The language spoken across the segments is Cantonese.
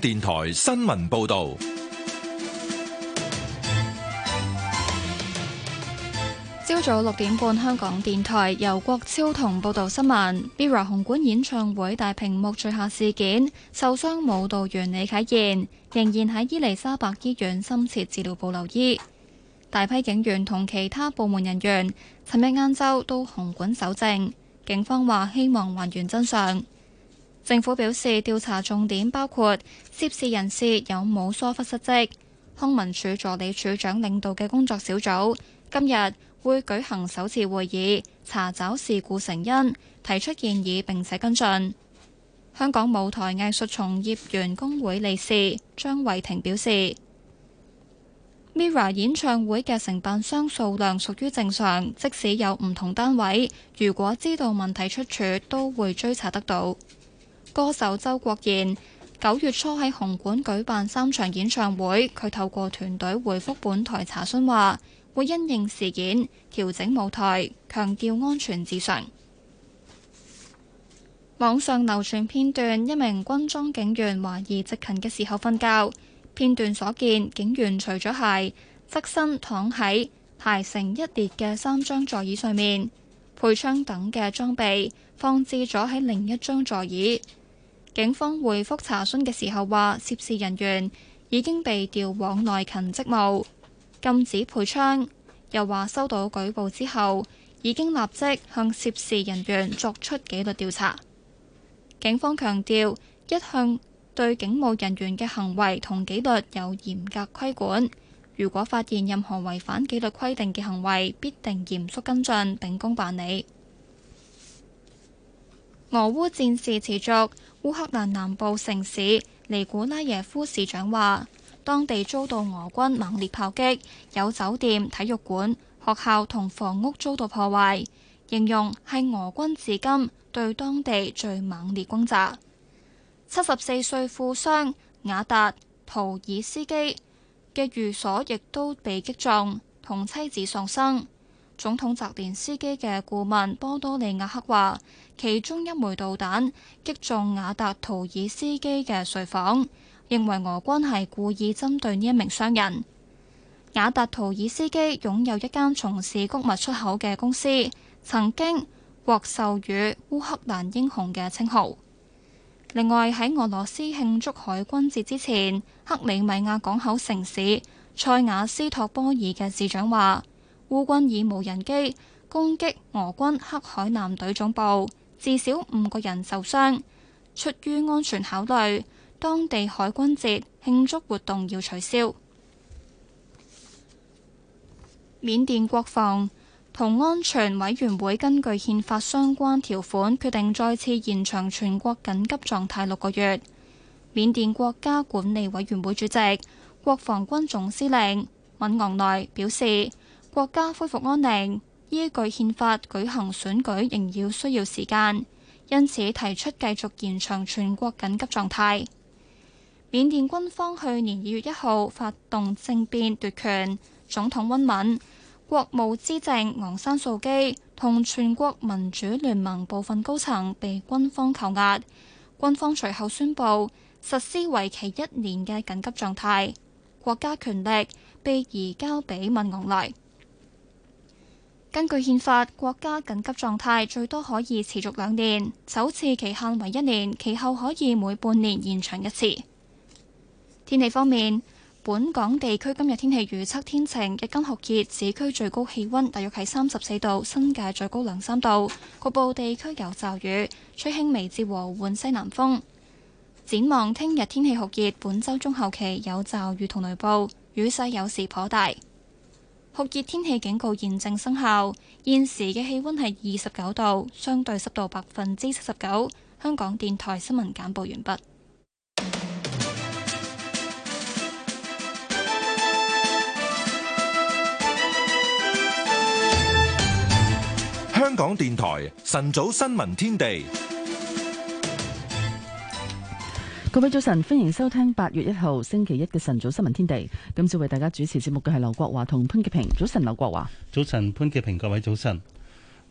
電台新聞報道：朝早六點半，香港電台由郭超同報道新聞。b e r a o r 紅館演唱會大屏幕墜下事件，受傷舞蹈員李啟賢仍然喺伊麗莎白醫院深切治療部留醫。大批警員同其他部門人員，尋日晏晝都紅館搜證。警方話希望還原真相。政府表示，調查重點包括涉事人士有冇疏忽失職。康文署助理署長領導嘅工作小組今日會舉行首次會議，查找事故成因，提出建議，並且跟進。香港舞台藝術從業，業員工會理事張慧婷表示，Mira 演唱會嘅承辦商數量屬於正常，即使有唔同單位，如果知道問題出處，都會追查得到。歌手周國賢九月初喺紅館舉辦三場演唱會，佢透過團隊回覆本台查詢，話會因應事件調整舞台，強調安全至上。網上流傳片段，一名軍裝警員懷疑執勤嘅時候瞓覺。片段所見，警員除咗鞋，側身躺喺排成一列嘅三張座椅上面，配槍等嘅裝備放置咗喺另一張座椅。警方回覆查詢嘅時候話，涉事人員已經被調往內勤職務，禁止配槍。又話收到舉報之後，已經立即向涉事人員作出紀律調查。警方強調，一向對警務人員嘅行為同紀律有嚴格規管，如果發現任何違反紀律規定嘅行為，必定嚴肅跟進，秉公辦理。俄烏戰事持續。烏克蘭南部城市尼古拉耶夫市長話，當地遭到俄軍猛烈炮擊，有酒店、體育館、學校同房屋遭到破壞，形容係俄軍至今對當地最猛烈轟炸。七十四歲富商亞達·圖爾斯基嘅寓所亦都被擊中，同妻子喪生。總統澤連斯基嘅顧問波多利亞克話。其中一枚導彈擊中亞達圖爾斯基嘅睡房，認為俄軍係故意針對呢一名商人。亞達圖爾斯基擁有一間從事谷物出口嘅公司，曾經獲授予烏克蘭英雄嘅稱號。另外喺俄羅斯慶祝海軍節之前，克里米亞港口城市塞瓦斯托波爾嘅市長話，烏軍以無人機攻擊俄軍黑海艦隊總部。至少五個人受傷。出於安全考慮，當地海軍節慶祝活動要取消。緬甸國防同安全委員會根據憲法相關條款，決定再次延長全國緊急狀態六個月。緬甸國家管理委員會主席、國防軍總司令敏昂萊表示，國家恢復安寧。依據憲法舉行選舉仍要需要時間，因此提出繼續延長全國緊急狀態。緬甸軍方去年二月一號發動政變奪權，總統温敏、國務資政昂山素基同全國民主聯盟部分高層被軍方扣押。軍方隨後宣布實施為期一年嘅緊急狀態，國家權力被移交俾敏昂萊。根據憲法，國家緊急狀態最多可以持續兩年，首次期限為一年，其後可以每半年延長一次。天氣方面，本港地區今日天氣預測天晴，日間酷熱，市區最高氣温大約喺三十四度，新界最高兩三度，局部地區有驟雨，吹輕微至和緩西南風。展望聽日天，天氣酷熱，本週中後期有驟雨同雷暴，雨勢有時頗大。酷熱天氣警告，現正生效。現時嘅氣溫係二十九度，相對濕度百分之七十九。香港電台新聞簡報完畢。香港電台晨早新聞天地。各位早晨，歡迎收聽八月一號星期一嘅晨早新聞天地。今次為大家主持節目嘅係劉國華同潘潔平。早晨，劉國華。早晨，潘潔平。各位早晨。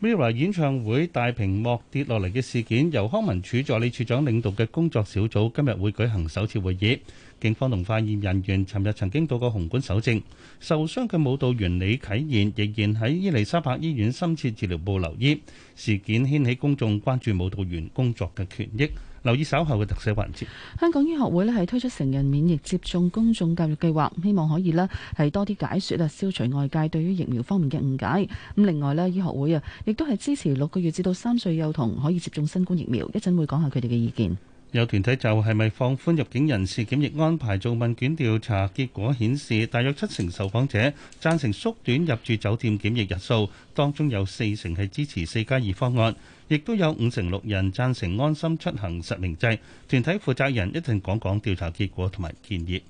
MIRROR 演唱會大屏幕跌落嚟嘅事件，由康文署助理處長領導嘅工作小組今日會舉行首次會議。警方同化驗人員尋日曾經到過紅館搜證。受傷嘅舞蹈員李啟賢仍然喺伊麗莎白醫院深切治療部留醫。事件掀起公眾關注舞蹈員工作嘅權益。留意稍後嘅特寫環節。香港醫學會呢係推出成人免疫接種公眾教育計劃，希望可以呢係多啲解說啊，消除外界對於疫苗方面嘅誤解。咁另外呢，醫學會啊，亦都係支持六個月至到三歲幼童可以接種新冠疫苗。一陣會講下佢哋嘅意見。有團體就係咪放寬入境人士檢疫安排做問卷調查，結果顯示大約七成受訪者贊成縮短入住酒店檢疫日數，當中有四成係支持四加二方案，亦都有五成六人贊成安心出行實名制，團體負責人一陣講講調查結果同埋建議。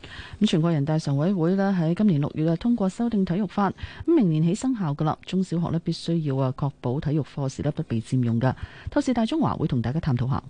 咁全國人大常委會呢喺今年六月啊，通過修訂體育法，咁明年起生效㗎喇，中小學呢必須要啊確保體育課時呢不被佔用㗎。透視大中華會同大家探討下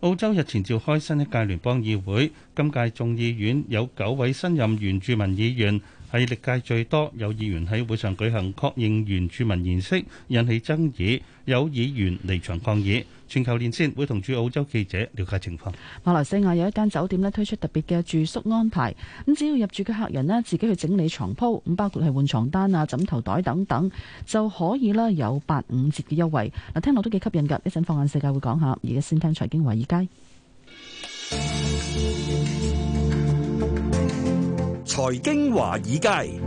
澳洲日前召開新一屆聯邦議會，今屆眾議院有九位新任原住民議員。係歷屆最多有議員喺會上舉行確認原住民儀式引起爭議，有議員離場抗議。全球連線會同駐澳洲記者了解情況。馬來西亞有一間酒店咧推出特別嘅住宿安排，咁只要入住嘅客人咧自己去整理床鋪，咁包括係換床單啊、枕頭袋等等，就可以咧有八五折嘅優惠。嗱，聽落都幾吸引㗎，一陣放眼世界會講下。而家先聽財經華爾街。財經華爾街，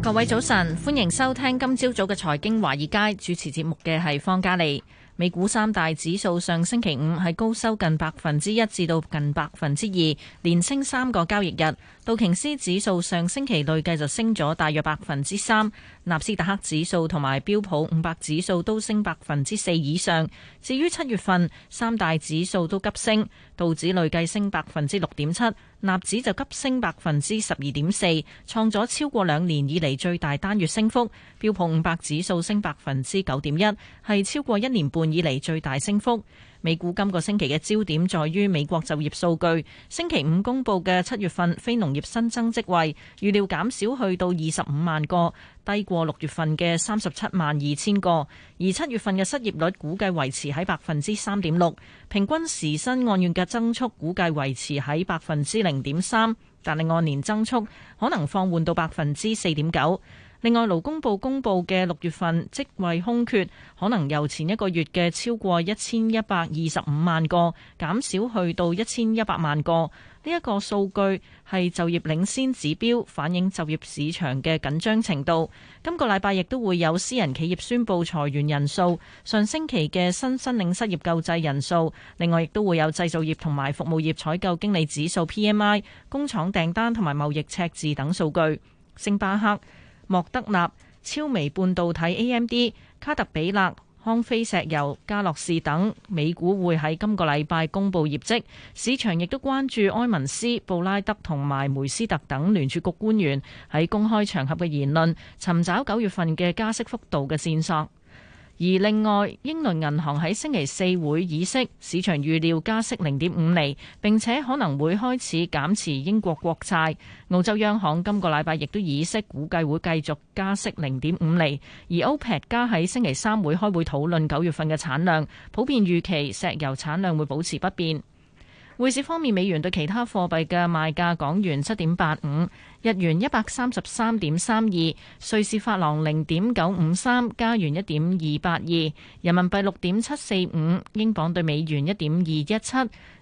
各位早晨，歡迎收聽今朝早嘅財經華爾街，主持節目嘅係方嘉利。美股三大指數上星期五係高收近百分之一至到近百分之二，連升三個交易日。道瓊斯指數上星期累計就升咗大約百分之三，納斯達克指數同埋標普五百指數都升百分之四以上。至於七月份，三大指數都急升，道指累計升百分之六點七，納指就急升百分之十二點四，創咗超過兩年以嚟最大單月升幅。標普五百指數升百分之九點一，係超過一年半以嚟最大升幅。美股今個星期嘅焦點在於美國就業數據，星期五公佈嘅七月份非農業新增職位預料減少去到二十五萬個，低過六月份嘅三十七萬二千個。而七月份嘅失業率估計維持喺百分之三點六，平均時薪按月嘅增速估計維持喺百分之零點三，但係按年增速可能放緩到百分之四點九。另外，勞工部公佈嘅六月份職位空缺，可能由前一個月嘅超過一千一百二十五萬個減少去到一千一百萬個。呢一個數據係就業領先指標，反映就業市場嘅緊張程度。今個禮拜亦都會有私人企業宣佈裁員人數，上星期嘅新申領失業救濟人數，另外亦都會有製造業同埋服務業採購經理指數 PMI、工廠訂單同埋貿易赤字等數據。星巴克。莫德納、超微半導體、AMD、卡特彼勒、康菲石油、加洛士等美股會喺今個禮拜公布業績，市場亦都關注埃文斯、布拉德同埋梅斯特等聯儲局官員喺公開場合嘅言論，尋找九月份嘅加息幅度嘅線索。而另外，英倫銀行喺星期四會議息，市場預料加息0.5厘，並且可能會開始減持英國國債。澳洲央行今個禮拜亦都議息，估計會繼續加息0.5厘。而 OPEC 加喺星期三會開會討論九月份嘅產量，普遍預期石油產量會保持不變。匯市方面，美元對其他貨幣嘅賣價：港元七點八五，日元一百三十三點三二，瑞士法郎零點九五三，加元一點二八二，人民幣六點七四五，英鎊對美元一點二一七，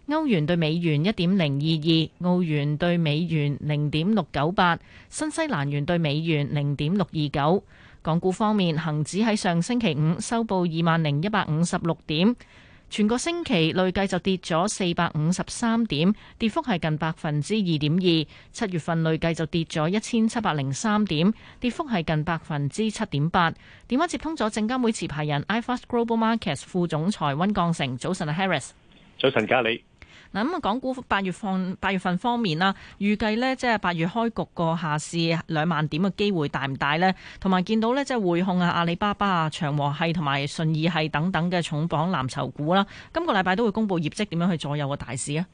歐元對美元一點零二二，澳元對美元零點六九八，新西蘭元對美元零點六二九。港股方面，恒指喺上星期五收報二萬零一百五十六點。全個星期累計就跌咗四百五十三點，跌幅係近百分之二點二。七月份累計就跌咗一千七百零三點，跌幅係近百分之七點八。電話接通咗證監會持牌人 iFast Global Markets 副總裁温鋼成，早晨啊，Harris。早晨，加里。嗱咁啊，港股八月放八月份方面啦，預計咧即係八月開局個下市兩萬點嘅機會大唔大咧？同埋見到咧即係匯控啊、阿里巴巴啊、長和系同埋順義系等等嘅重磅藍籌股啦，今個禮拜都會公布業績，點樣去左右個大市啊？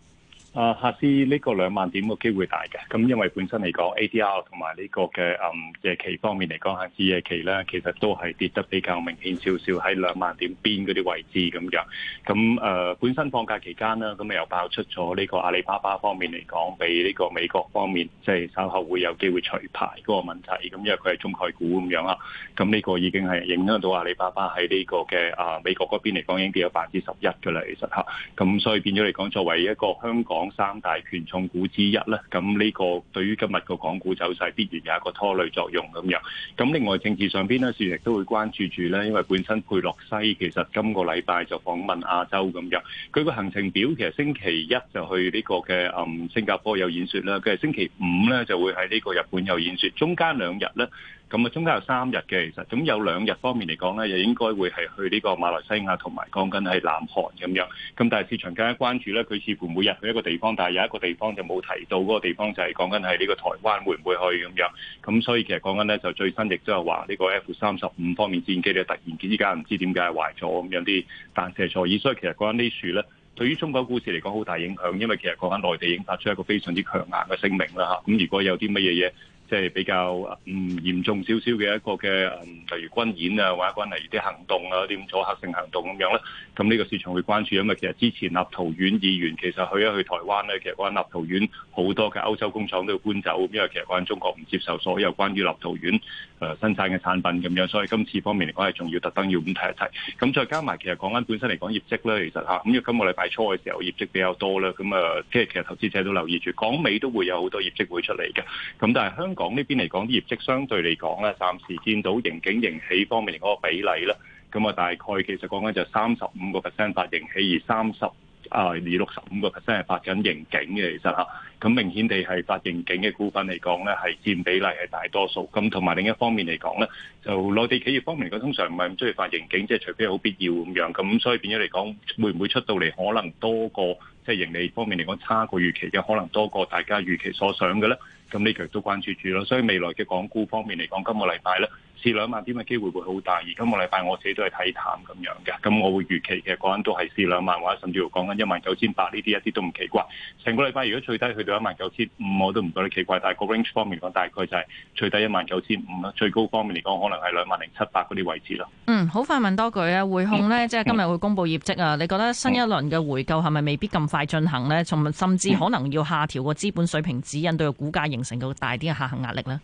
啊，下市呢個兩萬點個機會大嘅，咁因為本身嚟講 ADR 同埋呢個嘅誒夜期方面嚟講，下市夜期咧其實都係跌得比較明顯少少喺兩萬點邊嗰啲位置咁樣，咁誒本身放假期間啦，咁又爆出咗呢個阿里巴巴方面嚟講，俾呢個美國方面即係、就是、稍後會有機會除牌嗰個問題，咁因為佢係中概股咁樣啦，咁呢個已經係影響到阿里巴巴喺呢個嘅啊美國嗰邊嚟講已經跌咗百分之十一噶啦，其實吓，咁所以變咗嚟講作為一個香港。港三大權重股之一咧，咁呢個對於今日個港股走勢必然有一個拖累作用咁樣。咁另外政治上邊呢，市亦都會關注住咧，因為本身佩洛西其實今個禮拜就訪問亞洲咁樣，佢個行程表其實星期一就去呢、呢個嘅誒、嗯、新加坡有演說啦，佢係星期五咧就會喺呢個日本有演說，中間兩日咧。咁啊，中間有三日嘅其實，咁有兩日方面嚟講咧，又應該會係去呢個馬來西亞同埋講緊係南韓咁樣。咁但係市場更加關注咧，佢似乎每日去一個地方，但係有一個地方就冇提到嗰個地方，就係講緊係呢個台灣會唔會去咁樣。咁所以其實講緊咧，就最新亦都係話呢個 F 三十五方面戰機咧，突然之間唔知點解壞咗咁樣啲彈射座椅。所以其實講緊呢樹咧，對於中國股市嚟講好大影響，因為其實講緊內地已經發出一個非常之強硬嘅聲明啦嚇。咁如果有啲乜嘢嘢？即係比較嗯嚴重少少嘅一個嘅，例如軍演啊，或者講例如啲行動啊，啲咁阻嚇性行動咁樣咧。咁呢個市場會關注，因為其實之前立陶宛議員其實去一去台灣咧，其實講立陶宛好多嘅歐洲工廠都要搬走，因為其實講中國唔接受所有關於立陶宛。誒生產嘅產品咁樣，所以今次方面嚟講係仲要特登要咁提一提。咁再加埋其實講緊本身嚟講業績咧，其實嚇咁要今個禮拜初嘅時候業績比較多啦，咁誒即係其實投資者都留意住港美都會有好多業績會出嚟嘅，咁但係香港呢邊嚟講啲業績相對嚟講咧，暫時見到營景營起方面嗰個比例啦，咁啊大概其實講緊就三十五個 percent 發營起，而三十。啊，二六十五個 percent 係發緊盈警嘅，其實嚇，咁明顯地係發盈警嘅股份嚟講咧，係佔比例係大多數。咁同埋另一方面嚟講咧，就內地企業方面，嚟講佢通常唔係咁中意發盈警，即係除非好必要咁樣。咁所以變咗嚟講，會唔會出到嚟可能多過即係、就是、盈利方面嚟講差過預期嘅，可能多過大家預期所想嘅咧？咁呢個都關注住咯。所以未來嘅港股方面嚟講，今個禮拜咧。試兩萬點嘅機會會好大，而今個禮拜我自己都係睇淡咁樣嘅，咁我會預期嘅講緊都係試兩萬，或者甚至乎講緊一萬九千八呢啲一啲都唔奇怪。成個禮拜如果最低去到一萬九千五，我都唔覺得奇怪。但係個 range 方面講，大概就係最低一萬九千五啦，最高方面嚟講，可能係兩萬零七百嗰啲位置咯。嗯，好快問多句啊，匯控呢，嗯、即係今日會公布業績啊，嗯、你覺得新一輪嘅回購係咪未必咁快進行呢？從甚至可能要下調個資本水平指引，對個股價形成個大啲嘅下行壓力呢？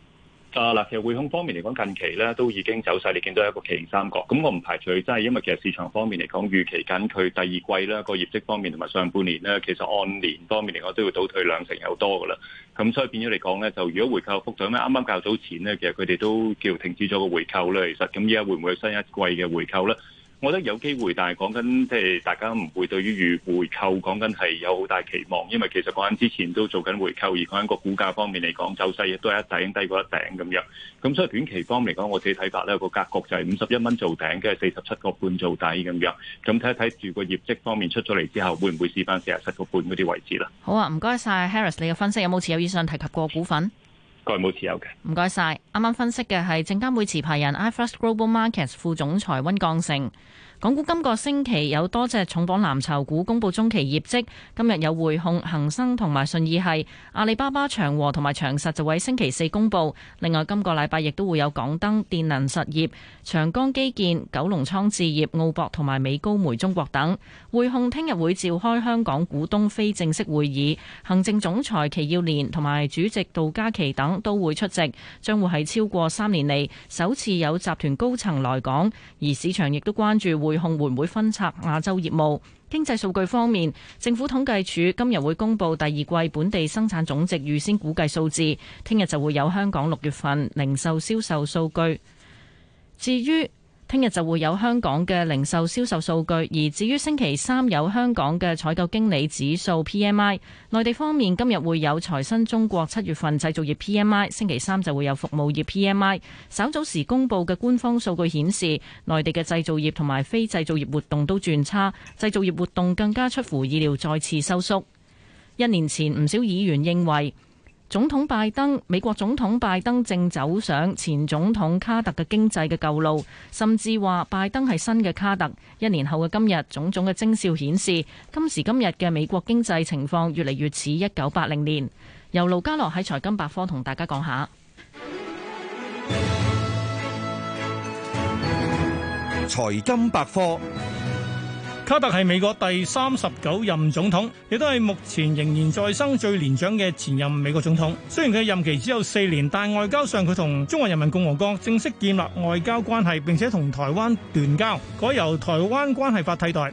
啊！其實匯控方面嚟講，近期咧都已經走曬，你見到一個企形三角。咁我唔排除，真係因為其實市場方面嚟講，預期緊佢第二季啦，個業績方面同埋上半年咧，其實按年方面嚟講都要倒退兩成有多噶啦。咁所以變咗嚟講咧，就如果回購幅度咧，啱啱較早前咧，其實佢哋都叫停止咗個回購咧。其實咁依家會唔會有新一季嘅回購咧？我覺得有機會，但係講緊即係大家唔會對於回購講緊係有好大期望，因為其實講緊之前都做緊回購，而講緊個股價方面嚟講走勢亦都係一頂低過一頂咁樣。咁所以短期方面嚟講，我自己睇法呢個格局就係五十一蚊做頂，跟住四十七個半做底咁樣。咁睇一睇住個業績方面出咗嚟之後，會唔會試翻四十七個半嗰啲位置啦？好啊，唔該晒。Harris 你嘅分析有冇持有以上提及過股份？佢冇持有嘅，唔該晒，啱啱分析嘅係證監會持牌人 iFirst Global Markets 副總裁溫鋼成。港股今個星期有多隻重磅藍籌股公布中期業績，今日有匯控、恒生同埋信義系，阿里巴巴、長和同埋長實就喺星期四公布。另外今個禮拜亦都會有港燈、電能實業、長江基建、九龍倉置業、奧博同埋美高梅中國等。匯控聽日會召開香港股東非正式會議，行政總裁祁耀年同埋主席杜嘉祺等都會出席，將會係超過三年嚟，首次有集團高層來港，而市場亦都關注匯。匯控會唔會分拆亞洲業務？經濟數據方面，政府統計處今日會公布第二季本地生產總值預先估計數字，聽日就會有香港六月份零售銷售數據。至於聽日就會有香港嘅零售銷售數據，而至於星期三有香港嘅採購經理指數 PMI。內地方面，今日會有財新中國七月份製造業 PMI，星期三就會有服務業 PMI。稍早時公布嘅官方數據顯示，內地嘅製造業同埋非製造業活動都轉差，製造業活動更加出乎意料，再次收縮。一年前唔少議員認為，總統拜登，美國總統拜登正走上前總統卡特嘅經濟嘅舊路，甚至話拜登係新嘅卡特。一年後嘅今日，種種嘅徵兆顯示，今時今日嘅美國經濟情況越嚟越似一九八零年。由盧家樂喺財金百科同大家講下財金百科。卡特係美國第三十九任總統，亦都係目前仍然在生最年長嘅前任美國總統。雖然佢任期只有四年，但外交上，佢同中華人民共和國正式建立外交關係，並且同台灣斷交，改由台灣關係法替代。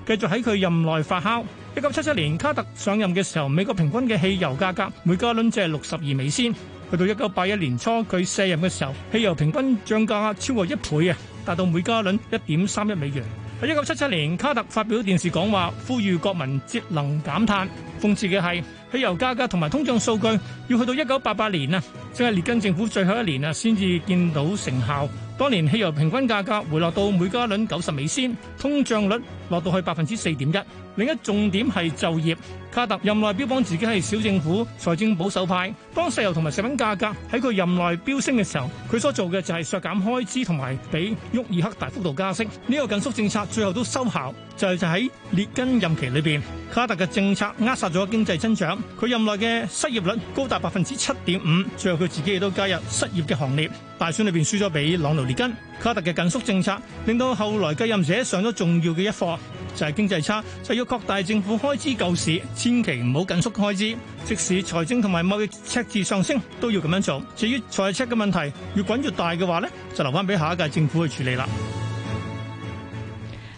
繼續喺佢任內發酵。一九七七年卡特上任嘅時候，美國平均嘅汽油價格每加崙只係六十二美仙。去到一九八一年初佢卸任嘅時候，汽油平均漲價超過一倍啊，達到每加崙一點三一美元。喺一九七七年卡特發表電視講話，呼籲國民節能減碳，諷刺嘅係汽油價格同埋通脹數據要，要去到一九八八年啊，即係列根政府最後一年啊，先至見到成效。當年汽油平均價格回落到每加侖九十美仙，通脹率落到去百分之四點一。另一重點係就業。卡特任內標榜自己係小政府、財政保守派，當石油同埋食品價格喺佢任內飆升嘅時候，佢所做嘅就係削減開支同埋俾沃爾克大幅度加息。呢個緊縮政策最後都收效，就係就喺列根任期裏邊，卡特嘅政策扼殺咗經濟增長。佢任內嘅失業率高達百分之七點五，最後佢自己亦都加入失業嘅行列。大選裏邊輸咗俾朗奴列根，卡特嘅緊縮政策令到後來繼任者上咗重要嘅一課，就係經濟差就要擴大政府開支救市。千祈唔好緊縮開支，即使財政同埋貿易赤字上升，都要咁樣做。至於財赤嘅問題越滾越大嘅話咧，就留翻俾下一屆政府去處理啦。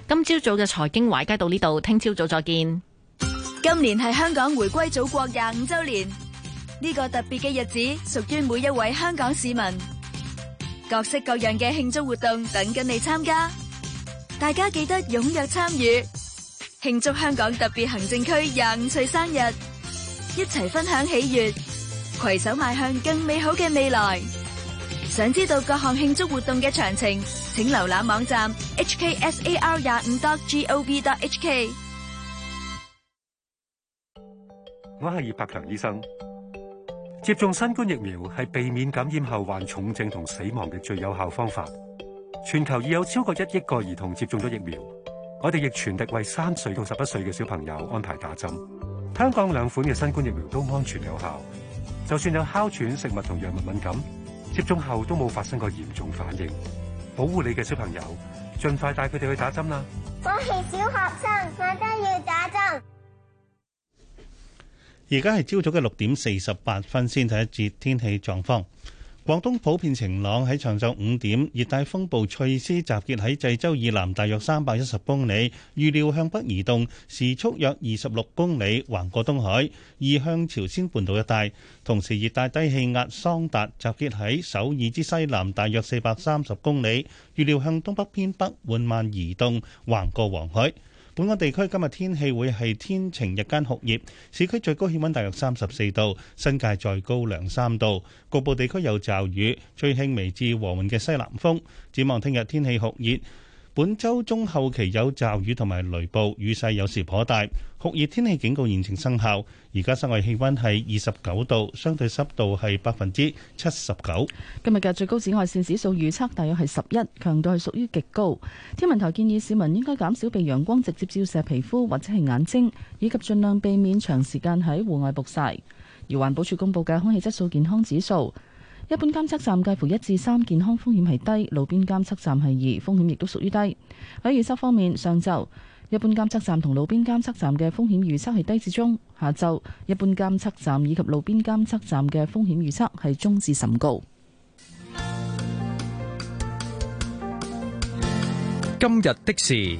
今朝早嘅財經華爾街到呢度，聽朝早，早再見。今年係香港回歸祖國廿五周年，呢、這個特別嘅日子屬於每一位香港市民。各式各樣嘅慶祝活動等緊你參加，大家記得踊躍參與。慶祝香港特別行政區廿五歲生日，一齊分享喜悅，攜手邁向更美好嘅未來。想知道各項慶祝活動嘅詳情，請瀏覽網站 hksar 廿五 dot gov dot hk。我係葉柏強醫生，接種新冠疫苗係避免感染後患重症同死亡嘅最有效方法。全球已有超過一億個兒童接種咗疫苗。我哋亦全力為三歲到十一歲嘅小朋友安排打針。香港兩款嘅新冠疫苗都安全有效，就算有哮喘、食物同藥物敏感，接種後都冇發生過嚴重反應。保護你嘅小朋友，盡快帶佢哋去打針啦！我係小學生，我都要打針。而家係朝早嘅六點四十八分，先睇一節天氣狀況。廣東普遍晴朗，喺上晝五點，熱帶風暴翠絲集結喺濟州以南大約三百一十公里，預料向北移動，時速約二十六公里，橫過東海，移向朝鮮半島一帶。同時，熱帶低氣壓桑達集結喺首爾之西南大約四百三十公里，預料向東北偏北緩慢移動，橫過黃海。本港地區今日天，天氣會係天晴，日間酷熱，市區最高氣温大約三十四度，新界再高兩三度，局部地區有驟雨，吹輕微至和緩嘅西南風，展望聽日天，天氣酷熱。本周中後期有驟雨同埋雷暴，雨勢有時頗大。酷熱天氣警告現正生效，而家室外氣溫係二十九度，相對濕度係百分之七十九。今日嘅最高紫外線指數預測大約係十一，強度係屬於極高。天文台建議市民應該減少被陽光直接照射皮膚或者係眼睛，以及盡量避免長時間喺戶外曝曬。而環保署公布嘅空氣質素健康指數，一般監測站介乎一至三，健康風險係低；路邊監測站係二，風險亦都屬於低。喺預測方面，上晝一般監測站同路邊監測站嘅風險預測係低至中；下晝一般監測站以及路邊監測站嘅風險預測係中至甚高。今日的事。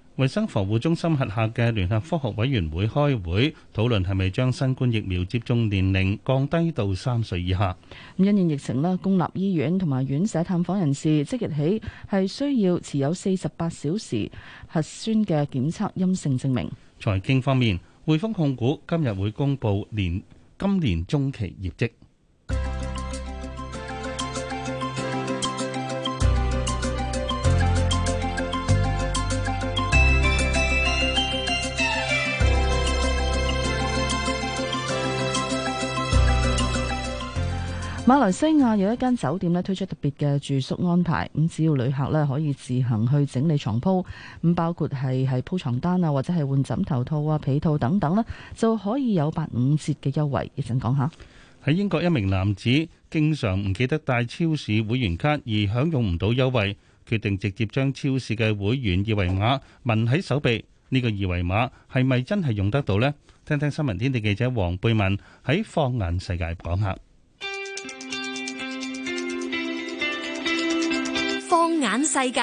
衛生防護中心轄下嘅聯合科學委員會開會討論係咪將新冠疫苗接種年齡降低到三歲以下。咁因應疫情咧，公立醫院同埋院舍探訪人士即日起係需要持有四十八小時核酸嘅檢測陰性證明。財經方面，匯豐控股今日會公布年今年中期業績。馬來西亞有一間酒店咧，推出特別嘅住宿安排，咁只要旅客咧，可以自行去整理床鋪，咁包括係係鋪床單啊，或者係換枕頭套啊、被套等等咧，就可以有八五折嘅優惠。一陣講下。喺英國，一名男子經常唔記得帶超市會員卡而享用唔到優惠，決定直接將超市嘅會員二維碼紋喺手臂。呢個二維碼係咪真係用得到呢？聽聽新聞天地記者黃貝文喺放眼世界講下。放眼世界，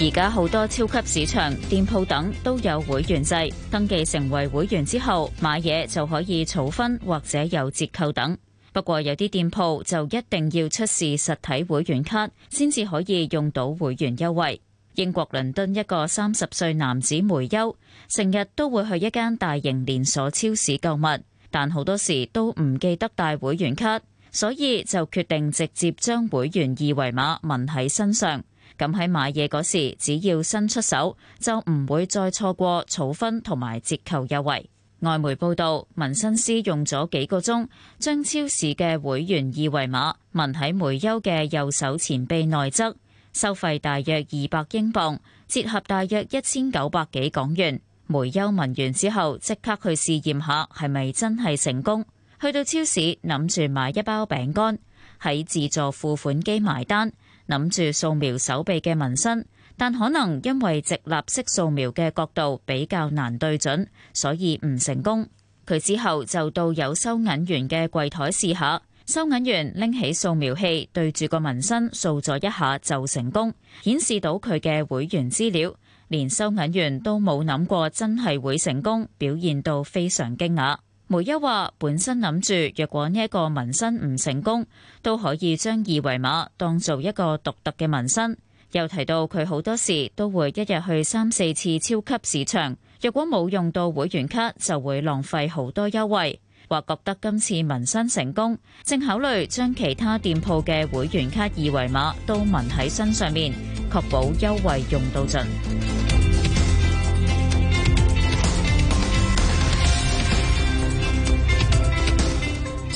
而家好多超級市場、店鋪等都有會員制。登記成為會員之後，買嘢就可以儲分或者有折扣等。不過有啲店鋪就一定要出示實體會員卡，先至可以用到會員優惠。英國倫敦一個三十歲男子梅休，成日都會去一間大型連鎖超市購物。但好多時都唔記得帶會員卡，所以就決定直接將會員二維碼紋喺身上。咁喺買嘢嗰時，只要伸出手，就唔會再錯過儲分同埋折扣優惠。外媒報道，紋身師用咗幾個鐘，將超市嘅會員二維碼紋喺梅優嘅右手前臂內側，收費大約二百英鎊，折合大約一千九百幾港元。梅休紋完之後，即刻去試驗下係咪真係成功。去到超市，諗住買一包餅乾，喺自助付款機埋單，諗住掃描手臂嘅紋身，但可能因為直立式掃描嘅角度比較難對準，所以唔成功。佢之後就到有收銀員嘅櫃台試下，收銀員拎起掃描器對住個紋身掃咗一下就成功，顯示到佢嘅會員資料。連收銀員都冇諗過真係會成功，表現到非常驚訝。梅優話：本身諗住若果呢一個紋身唔成功，都可以將二維碼當做一個獨特嘅紋身。又提到佢好多時都會一日去三四次超級市場，若果冇用到會員卡就會浪費好多優惠。話覺得今次紋身成功，正考慮將其他店鋪嘅會員卡二維碼都紋喺身上面，確保優惠用到盡。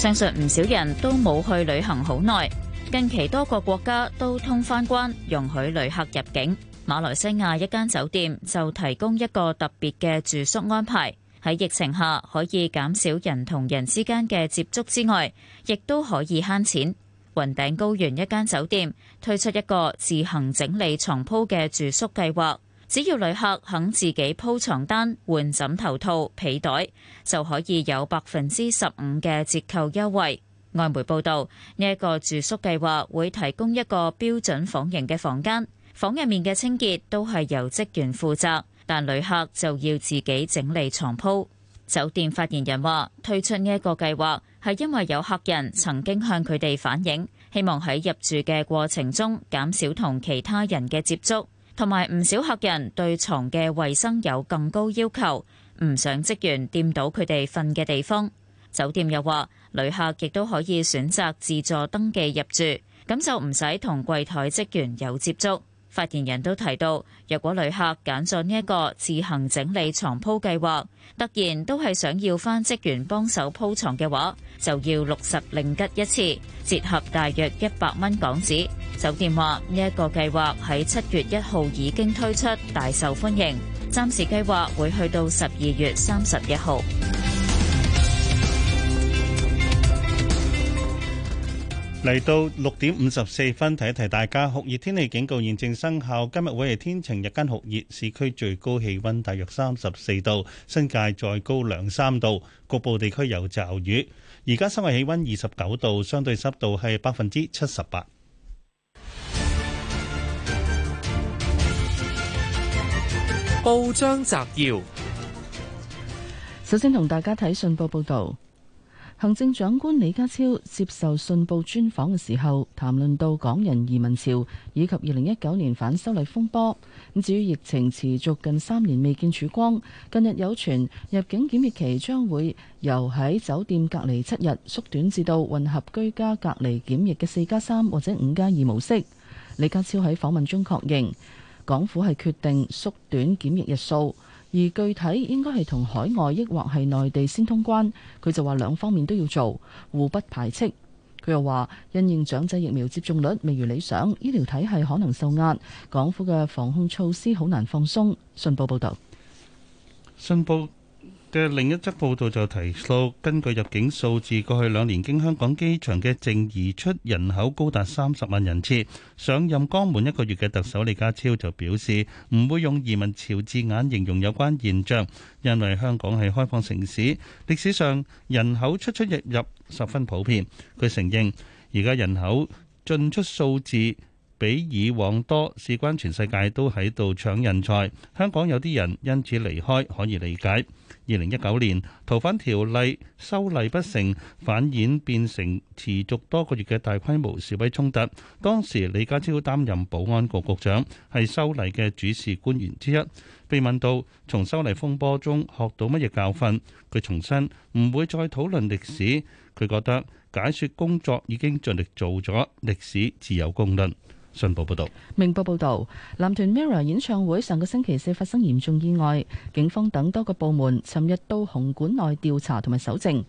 相信唔少人都冇去旅行好耐。近期多個國家都通翻關，容許旅客入境。馬來西亞一間酒店就提供一個特別嘅住宿安排，喺疫情下可以減少人同人之間嘅接觸之外，亦都可以慳錢。雲頂高原一間酒店推出一個自行整理床鋪嘅住宿計劃。只要旅客肯自己鋪床單、換枕頭套、被袋，就可以有百分之十五嘅折扣優惠。外媒報道呢一個住宿計劃會提供一個標準房型嘅房間，房入面嘅清潔都係由職員負責，但旅客就要自己整理床鋪。酒店發言人話，推出呢一個計劃係因為有客人曾經向佢哋反映，希望喺入住嘅過程中減少同其他人嘅接觸。同埋唔少客人對床嘅衛生有更高要求，唔想職員掂到佢哋瞓嘅地方。酒店又話，旅客亦都可以選擇自助登記入住，咁就唔使同櫃台職員有接觸。發言人都提到，若果旅客揀咗呢一個自行整理床鋪計劃，突然都係想要翻職員幫手鋪床嘅話，就要六十令吉一次，折合大約一百蚊港紙。酒店話呢一個計劃喺七月一號已經推出，大受歡迎，暫時計劃會去到十二月三十一號。嚟到六點五十四分，提一提大家酷熱天氣警告現正生效。今日會係天晴日間酷熱，市區最高氣溫大約三十四度，新界再高兩三度，局部地區有驟雨。而家室外氣溫二十九度，相對濕度係百分之七十八。報章摘要，首先同大家睇信報報道。行政長官李家超接受信報專訪嘅時候，談論到港人移民潮以及二零一九年反修例風波。咁至於疫情持續近三年未見曙光，近日有傳入境檢疫期將會由喺酒店隔離七日縮短至到混合居家隔離檢疫嘅四加三或者五加二模式。李家超喺訪問中確認，港府係決定縮短檢疫日數。而具體應該係同海外抑或係內地先通關，佢就話兩方面都要做，互不排斥。佢又話，因應長者疫苗接種率未如理想，醫療體系可能受壓，港府嘅防控措施好難放鬆。信報報道。信報嘅另一則報道就提到，根據入境數字，過去兩年經香港機場嘅淨移出人口高達三十萬人次。上任剛滿一個月嘅特首李家超就表示，唔會用移民潮字眼形容有關現象，因為香港係開放城市，歷史上人口出出入入十分普遍。佢承認而家人口進出數字比以往多，事關全世界都喺度搶人才，香港有啲人因此離開可以理解。二零一九年逃犯條例修例不成，反演變成持續多個月嘅大規模示威衝突。當時李家超擔任保安局局長，係修例嘅主事官員之一。被問到從修例風波中學到乜嘢教訓，佢重申唔會再討論歷史。佢覺得解說工作已經盡力做咗，歷史自有公論。信報報道，明報報道，男團 MIRROR 演唱會上個星期四發生嚴重意外，警方等多個部門尋日到紅館內調查同埋搜證。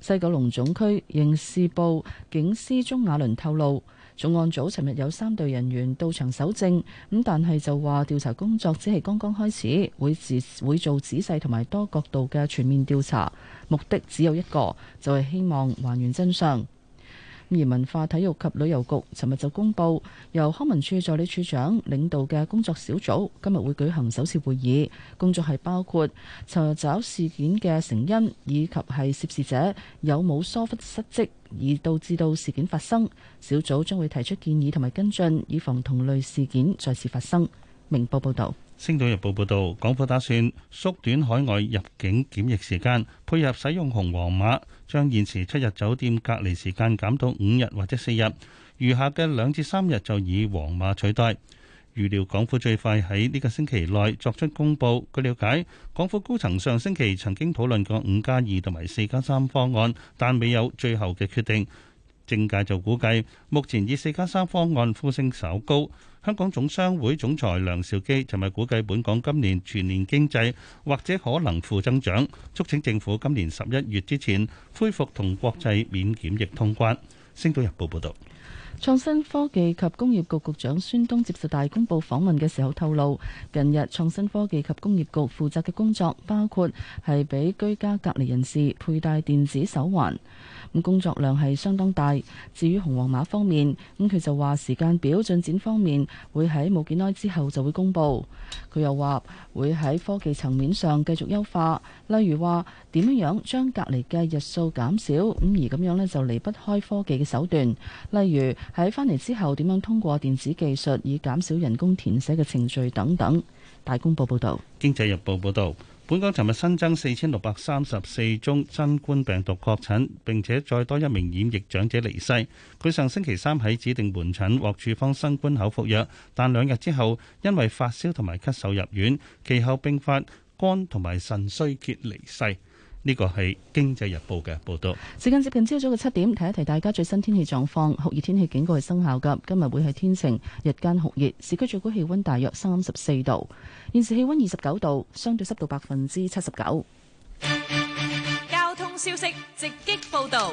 西九龍總區刑事部警司鐘雅倫透露，重案組尋日有三隊人員到場搜證，咁但係就話調查工作只係剛剛開始，會自會做仔細同埋多角度嘅全面調查，目的只有一個，就係、是、希望還原真相。而文化、體育及旅遊局尋日就公布，由康文署助理署長領導嘅工作小組今日會舉行首次會議，工作係包括查找事件嘅成因，以及係涉事者有冇疏忽失職而導致到事件發生。小組將會提出建議同埋跟進，以防同類事件再次發生。明報報道。《星島日報》報道，港府打算縮短海外入境檢疫時間，配合使用紅黃碼，將現時七日酒店隔離時間減到五日或者四日，餘下嘅兩至三日就以黃碼取代。預料港府最快喺呢個星期內作出公布。據了解，港府高層上星期曾經討論過五加二同埋四加三方案，但未有最後嘅決定。政界就估計，目前以四加三方案呼聲稍高。香港總商會總裁梁兆基尋日估計，本港今年全年經濟或者可能負增長，促請政府今年十一月之前恢復同國際免檢疫通關。星島日報報導。創新科技及工業局局長孫東接受大公報訪問嘅時候透露，近日創新科技及工業局負責嘅工作包括係俾居家隔離人士佩戴電子手環，咁工作量係相當大。至於紅黃碼方面，咁佢就話時間表進展方面會喺冇幾耐之後就會公布。佢又話會喺科技層面上繼續優化，例如話點樣樣將隔離嘅日數減少，咁而咁樣呢，就離不開科技嘅手段，例如。喺翻嚟之後點樣通過電子技術以減少人工填寫嘅程序等等。大公報報導，經濟日報報導，本港尋日新增四千六百三十四宗新冠病毒確診，並且再多一名染疫長者離世。佢上星期三喺指定門診獲處方新冠口服藥，但兩日之後因為發燒同埋咳嗽入院，其後並發肝同埋腎衰竭離世。呢個係《經濟日報》嘅報道。時間接近朝早嘅七點，提一提大家最新天氣狀況。酷熱天氣警告係生效㗎，今日會係天晴，日間酷熱，市區最高氣溫大約三十四度。現時氣溫二十九度，相對濕度百分之七十九。交通消息直擊報道。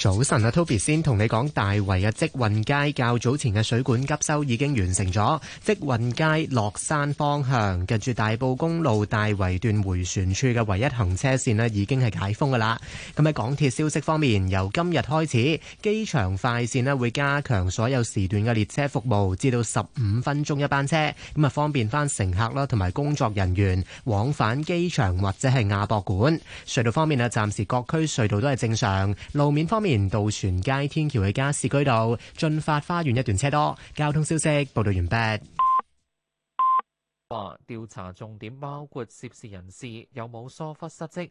早晨啊，Toby 先同你講，大圍嘅積運街較早前嘅水管急修已經完成咗，積運街落山方向，近住大埔公路大圍段回旋處嘅唯一行車線咧，已經係解封噶啦。咁喺港鐵消息方面，由今日開始，機場快線咧會加強所有時段嘅列車服務，至到十五分鐘一班車，咁啊方便翻乘客啦，同埋工作人員往返機場或者係亞博館。隧道方面咧，暫時各區隧道都係正常，路面方面。連渡船街天橋嘅加士居道、駿發花園一段車多，交通消息報道完畢。話調查重點包括涉事人士有冇疏忽失職。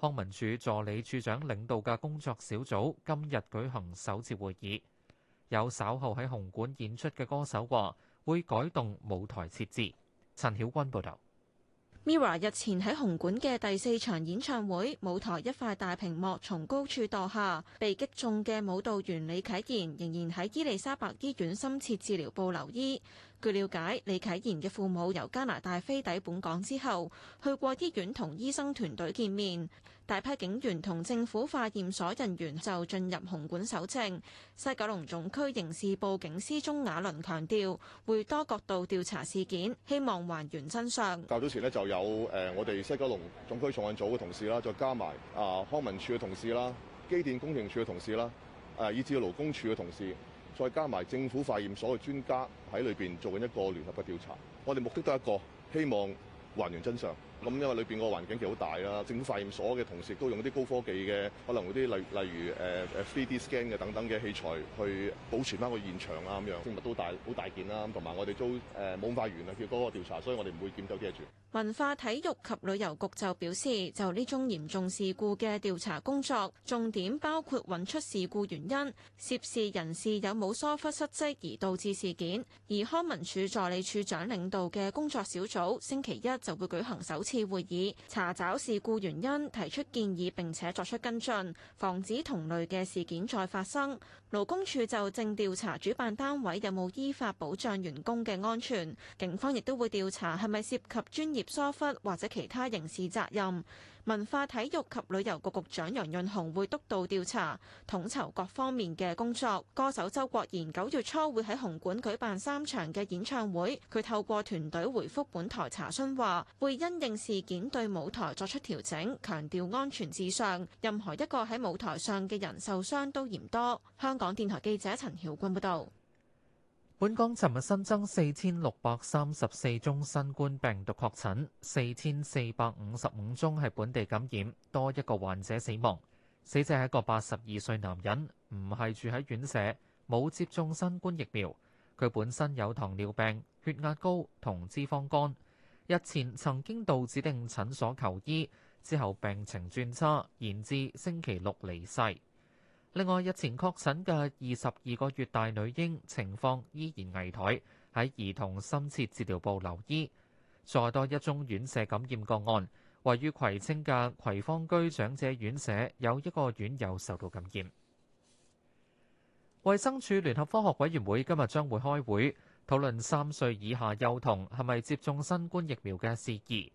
康文署助理處長領導嘅工作小組今日舉行首次會議。有稍後喺紅館演出嘅歌手話會改動舞台設置。陳曉君報道。Mirror 日前喺紅館嘅第四場演唱會，舞台一塊大屏幕，從高處墮下，被擊中嘅舞蹈員李啟賢仍然喺伊利沙伯醫院深切治療部留醫。據了解，李啟賢嘅父母由加拿大飛抵本港之後，去過醫院同醫生團隊見面。大批警員同政府化驗所人員就進入紅館搜證。西九龍總區刑事部警司鍾亞倫強調，會多角度調查事件，希望還原真相。較早前咧就有誒，我哋西九龍總區重案組嘅同事啦，再加埋啊康文署嘅同事啦、機電工程署嘅同事啦，誒，以至勞工處嘅同事。再加埋政府化驗所嘅專家喺裏邊做緊一個聯合嘅調查，我哋目的都係一個，希望還原真相。咁因為裏邊個環境其實好大啦，政府化驗所嘅同事都用啲高科技嘅，可能會啲例例如誒誒 3D scan 嘅等等嘅器材去保存翻個現場啊咁樣，物都大好大件啦，同埋我哋都誒冇化驗啊，叫、呃、嗰個調查，所以我哋唔會檢走啲嘢住。文化體育及旅遊局就表示，就呢種嚴重事故嘅調查工作，重點包括揾出事故原因，涉事人士有冇疏忽失職而導致事件，而康文署助理署長領導嘅工作小組星期一就會舉行首次會議查找事故原因，提出建議，並且作出跟進，防止同類嘅事件再發生。勞工處就正調查主辦單位有冇依法保障員工嘅安全，警方亦都會調查係咪涉及專業疏忽或者其他刑事責任。文化體育及旅遊局局長楊潤雄會督導調查，統籌各方面嘅工作。歌手周國賢九月初會喺紅館舉辦三場嘅演唱會，佢透過團隊回覆本台查詢話，會因應事件對舞台作出調整，強調安全至上，任何一個喺舞台上嘅人受傷都嫌多。香港電台記者陳曉君報導。本港尋日新增四千六百三十四宗新冠病毒確診，四千四百五十五宗係本地感染，多一個患者死亡。死者係一個八十二歲男人，唔係住喺院舍，冇接種新冠疫苗。佢本身有糖尿病、血壓高同脂肪肝，日前曾經到指定診所求醫，之後病情轉差，延至星期六離世。另外，日前確診嘅二十二個月大女嬰情況依然危殆，喺兒童深切治療部留醫。再多一宗院舍感染個案，位於葵青嘅葵芳居長者院舍有一個院友受到感染。衛生署聯合科學委員會今日將會開會，討論三歲以下幼童係咪接種新冠疫苗嘅事宜。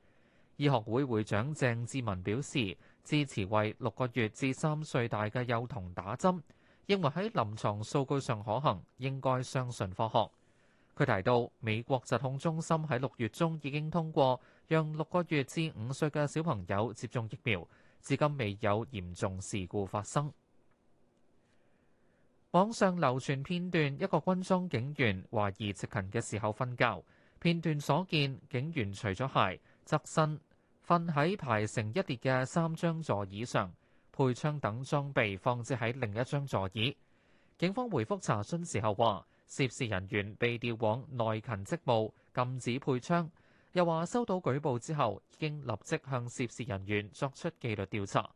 醫學會會長鄭志文表示，支持為六個月至三歲大嘅幼童打針，認為喺臨床數據上可行，應該相信科學。佢提到美國疾控中心喺六月中已經通過讓六個月至五歲嘅小朋友接種疫苗，至今未有嚴重事故發生。網上流傳片段，一個軍裝警員懷疑執勤嘅時候瞓覺，片段所見警員除咗鞋側身。瞓喺排成一列嘅三張座椅上，配槍等裝備放置喺另一張座椅。警方回覆查詢時候話，涉事人員被調往內勤職務，禁止配槍，又話收到舉報之後已經立即向涉事人員作出紀律調查。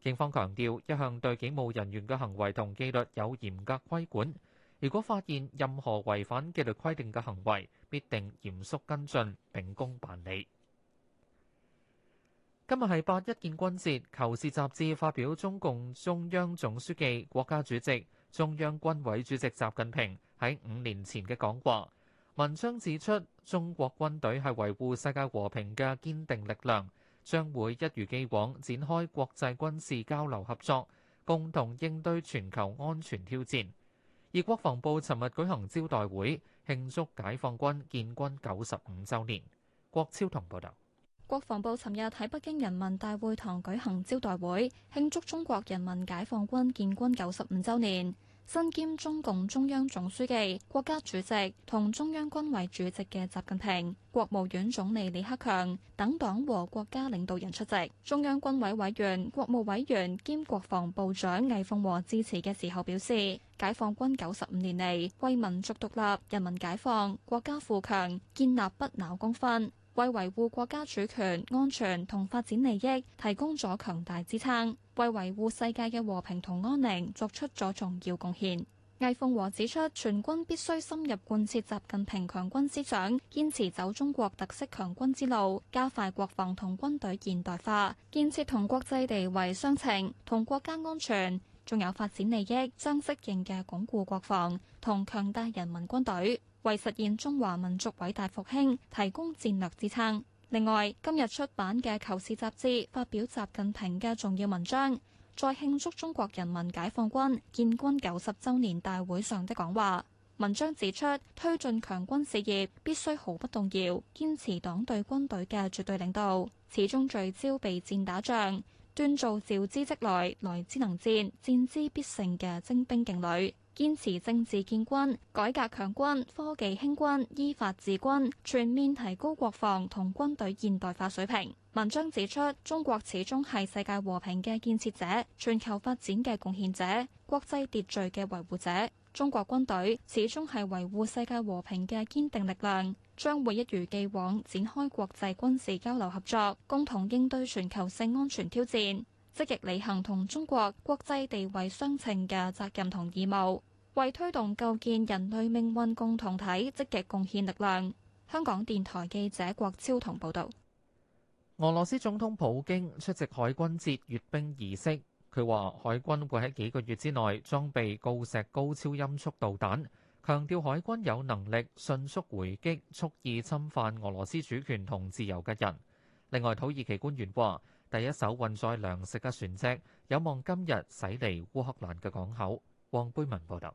警方強調一向對警務人員嘅行為同紀律有嚴格規管，如果發現任何違反紀律規定嘅行為，必定嚴肅跟進，秉公辦理。今日係八一建軍節，求是雜誌發表中共中央總書記、國家主席、中央軍委主席習近平喺五年前嘅講話。文章指出，中國軍隊係維護世界和平嘅堅定力量，將會一如既往展開國際軍事交流合作，共同應對全球安全挑戰。而國防部尋日舉行招待會，慶祝解放軍建軍九十五週年。郭超同報道。國防部尋日喺北京人民大會堂舉行招待會，慶祝中國人民解放軍建軍九十五周年。身兼中共中央總書記、國家主席同中央軍委主席嘅習近平、國務院總理李克強等黨和國家領導人出席。中央軍委委員、國務委員兼國防部長魏鳳和致辭嘅時候表示，解放軍九十五年嚟為民族獨立、人民解放、國家富強建立不朽功勳，為維護國家主權安全同發展利益提供咗強大支撐，為維護世界嘅和平同安寧作出咗重要貢獻。魏鳳和指出，全軍必須深入貫徹習近平強軍思想，堅持走中國特色強軍之路，加快國防同軍隊現代化，建設同國際地位相稱、同國家安全仲有發展利益相適應嘅鞏固國防同強大人民軍隊。為實現中華民族偉大復興提供戰略支撐。另外，今日出版嘅《求是》雜誌發表習近平嘅重要文章，在慶祝中國人民解放軍建軍九十周年大會上的講話。文章指出，推進強軍事業必須毫不動搖堅持黨對軍隊嘅絕對領導，始終聚焦備戰打仗，鍛造召之即來、來之能戰、戰之必勝嘅精兵勁旅。堅持政治建軍、改革強軍、科技興軍、依法治軍，全面提高國防同軍隊現代化水平。文章指出，中國始終係世界和平嘅建設者、全球發展嘅貢獻者、國際秩序嘅維護者。中國軍隊始終係維護世界和平嘅堅定力量，將會一如既往展開國際軍事交流合作，共同應對全球性安全挑戰。積極履行同中國國際地位相稱嘅責任同義務，為推動構建人類命運共同體積極貢獻力量。香港電台記者郭超同報導。俄羅斯總統普京出席海軍節閱兵儀式，佢話：海軍會喺幾個月之內裝備鋯石高超音速導彈，強調海軍有能力迅速回擊蓄意侵犯俄羅斯主權同自由嘅人。另外，土耳其官員話，第一艘運載糧食嘅船隻有望今日駛離烏克蘭嘅港口。黃貝文報道。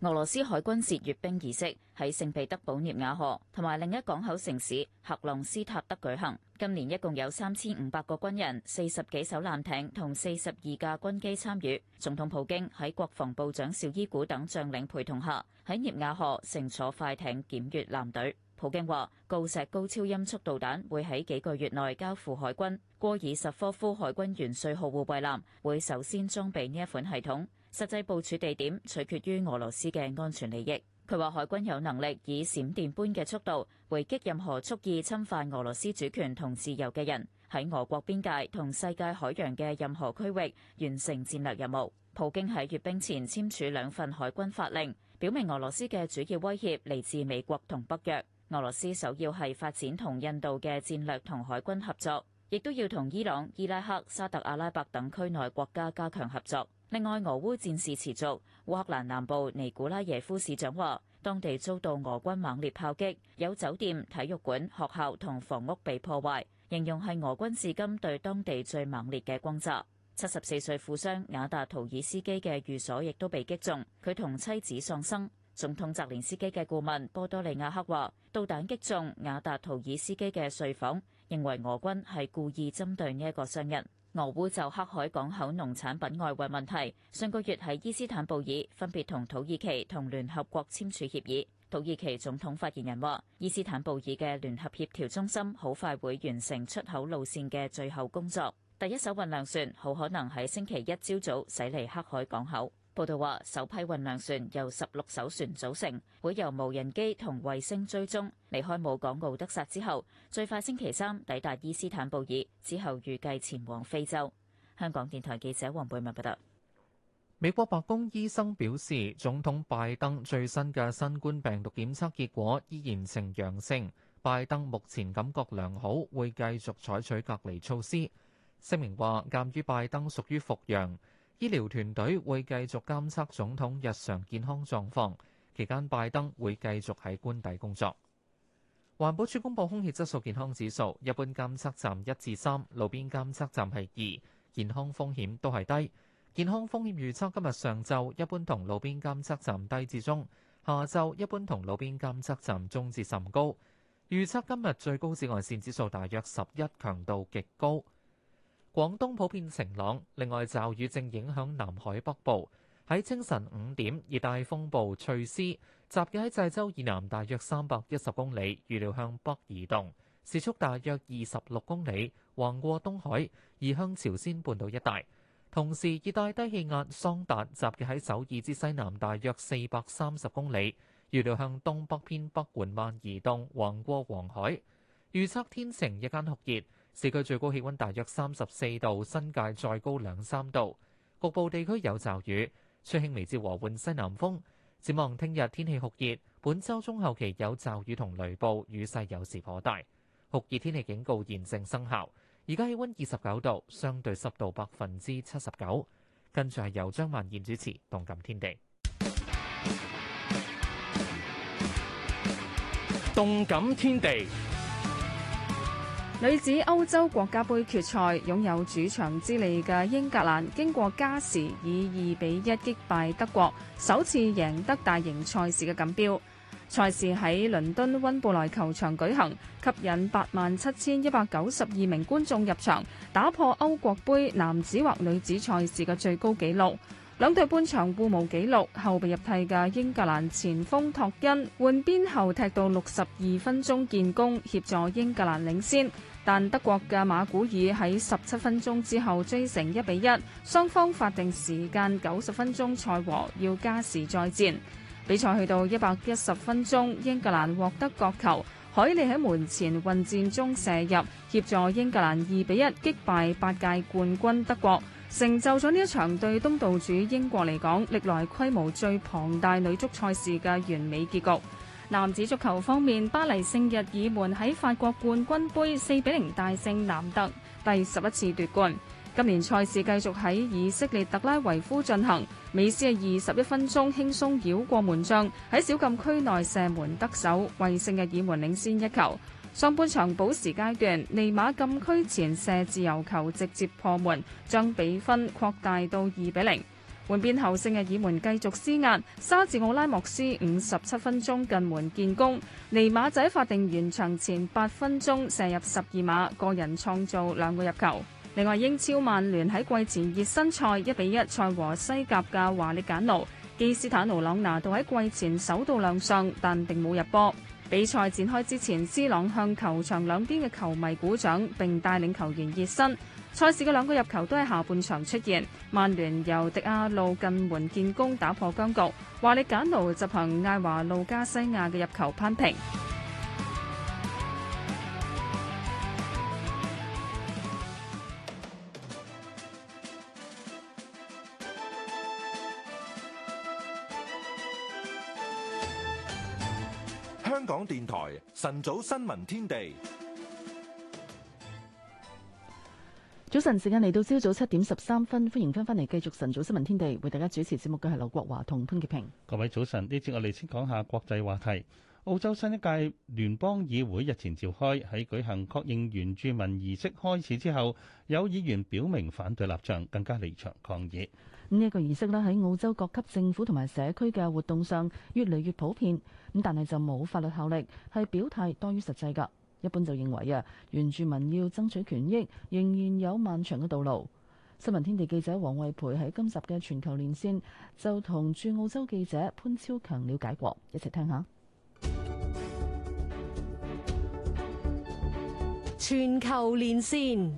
俄羅斯海軍節閱兵儀式喺聖彼得堡涅瓦河同埋另一港口城市克朗斯塔德舉行。今年一共有三千五百個軍人、四十幾艘艦艇同四十二架軍機參與。總統普京喺國防部長紹伊古等將領陪同下喺涅瓦河乘坐快艇檢閱艦隊。普京話：鋯石高超音速導彈會喺幾個月內交付海軍。戈爾什科夫海軍元帥號護衛艦會首先裝備呢一款系統。實際部署地點取決於俄羅斯嘅安全利益。佢話：海軍有能力以閃電般嘅速度回擊任何蓄意侵犯俄羅斯主權同自由嘅人，喺俄國邊界同世界海洋嘅任何區域完成戰略任務。普京喺閱兵前簽署兩份海軍法令，表明俄羅斯嘅主要威脅嚟自美國同北約。俄羅斯首要係發展同印度嘅戰略同海軍合作，亦都要同伊朗、伊拉克、沙特阿拉伯等區內國家加強合作。另外，俄烏戰事持續，烏克蘭南部尼古拉耶夫市長話，當地遭到俄軍猛烈炮擊，有酒店、體育館、學校同房屋被破壞，形容係俄軍至今對當地最猛烈嘅轟炸。七十四歲富商亞達圖爾斯基嘅寓所亦都被擊中，佢同妻子喪生。總統澤連斯基嘅顧問波多利亞克話：導彈擊中雅達圖爾斯基嘅睡房，認為俄軍係故意針對呢一個商人。俄烏就黑海港口農產品外運問題，上個月喺伊斯坦布爾分別同土耳其同聯合國簽署協議。土耳其總統發言人話：伊斯坦布爾嘅聯合協調中心好快會完成出口路線嘅最後工作。第一艘運糧船好可能喺星期一朝早駛離黑海港口。報道話，首批運糧船由十六艘船組成，會由無人機同衛星追蹤。離開武港奧德薩之後，最快星期三抵達伊斯坦布爾，之後預計前往非洲。香港電台記者黃貝文報道。美國白宮醫生表示，總統拜登最新嘅新冠病毒檢測結果依然呈陽性。拜登目前感覺良好，會繼續採取隔離措施。聲明話，鑑於拜登屬於復陽。醫療團隊會繼續監測總統日常健康狀況，期間拜登會繼續喺官邸工作。環保署公布空氣質素健康指數，一般監測站一至三，路邊監測站係二，健康風險都係低。健康風險預測今日上晝一般同路邊監測站低至中，下晝一般同路邊監測站中至甚高。預測今日最高紫外線指數大約十一，強度極高。廣東普遍晴朗，另外驟雨正影響南海北部。喺清晨五點，熱帶風暴翠絲集結喺濟州以南大約三百一十公里，預料向北移動，時速大約二十六公里，橫過東海，移向朝鮮半島一帶。同時，熱帶低氣壓桑達集結喺首爾之西南大約四百三十公里，預料向東北偏北緩慢移動，橫過黃海。預測天晴，日間酷熱。市區最高氣溫大約三十四度，新界再高兩三度，局部地區有驟雨，吹輕微至和緩西南風。展望聽日天氣酷熱，本周中後期有驟雨同雷暴，雨勢有時頗大。酷熱天氣警告現正生效。而家氣溫二十九度，相對濕度百分之七十九。跟住係由張萬燕主持《動感天地》。《動感天地》女子歐洲國家杯決賽，擁有主場之利嘅英格蘭，經過加時以二比一擊敗德國，首次贏得大型賽事嘅錦標。賽事喺倫敦溫布萊球場舉行，吸引八萬七千一百九十二名觀眾入場，打破歐國杯男子或女子賽事嘅最高紀錄。兩隊半場互無紀錄，後備入替嘅英格蘭前鋒托恩換邊後踢到六十二分鐘建功，協助英格蘭領先。但德國嘅馬古爾喺十七分鐘之後追成一比一，雙方法定時間九十分鐘賽和，要加時再戰。比賽去到一百一十分鐘，英格蘭獲得角球，海利喺門前混戰中射入，協助英格蘭二比一擊敗八屆冠軍德國。成就咗呢一場對東道主英國嚟講歷來規模最龐大女足賽事嘅完美結局。男子足球方面，巴黎聖日耳門喺法國冠軍杯四比零大勝南特，第十一次奪冠。今年賽事繼續喺以色列特拉維夫進行。美斯喺二十一分鐘輕鬆繞過門將，喺小禁區內射門得手，為聖日耳門領先一球。上半場補時階段，尼馬禁區前射自由球直接破門，將比分擴大到二比零。換邊後，聖日耳門繼續施壓，沙治奧拉莫斯五十七分鐘近門建功。尼馬仔法定完場前八分鐘射入十二碼，個人創造兩個入球。另外，英超曼聯喺季前熱身賽一比一賽和西甲嘅華力簡奴，基斯坦奴朗拿度喺季前首度亮相，但並冇入波。比賽展開之前，斯朗向球場兩邊嘅球迷鼓掌，並帶領球員熱身。賽事嘅兩個入球都喺下半場出現，曼聯由迪亞路近門建功打破僵局，華利簡奴執行艾華路加西亞嘅入球扳平。晨早新聞天地，早晨時間嚟到朝早七點十三分，歡迎翻返嚟繼續晨早新聞天地，為大家主持節目嘅係劉國華同潘潔平。各位早晨，呢次我哋先講下國際話題。澳洲新一屆聯邦議會日前召開，喺舉行確認原住民儀式開始之後，有議員表明反對立場，更加離場抗議。呢一個儀式咧，喺澳洲各級政府同埋社區嘅活動上越嚟越普遍。咁但係就冇法律效力，係表態多於實際㗎。一般就認為啊，原住民要爭取權益仍然有漫長嘅道路。新聞天地記者黃慧培喺今集嘅全球連線就同駐澳洲記者潘超強了解過，一齊聽一下。全球連線，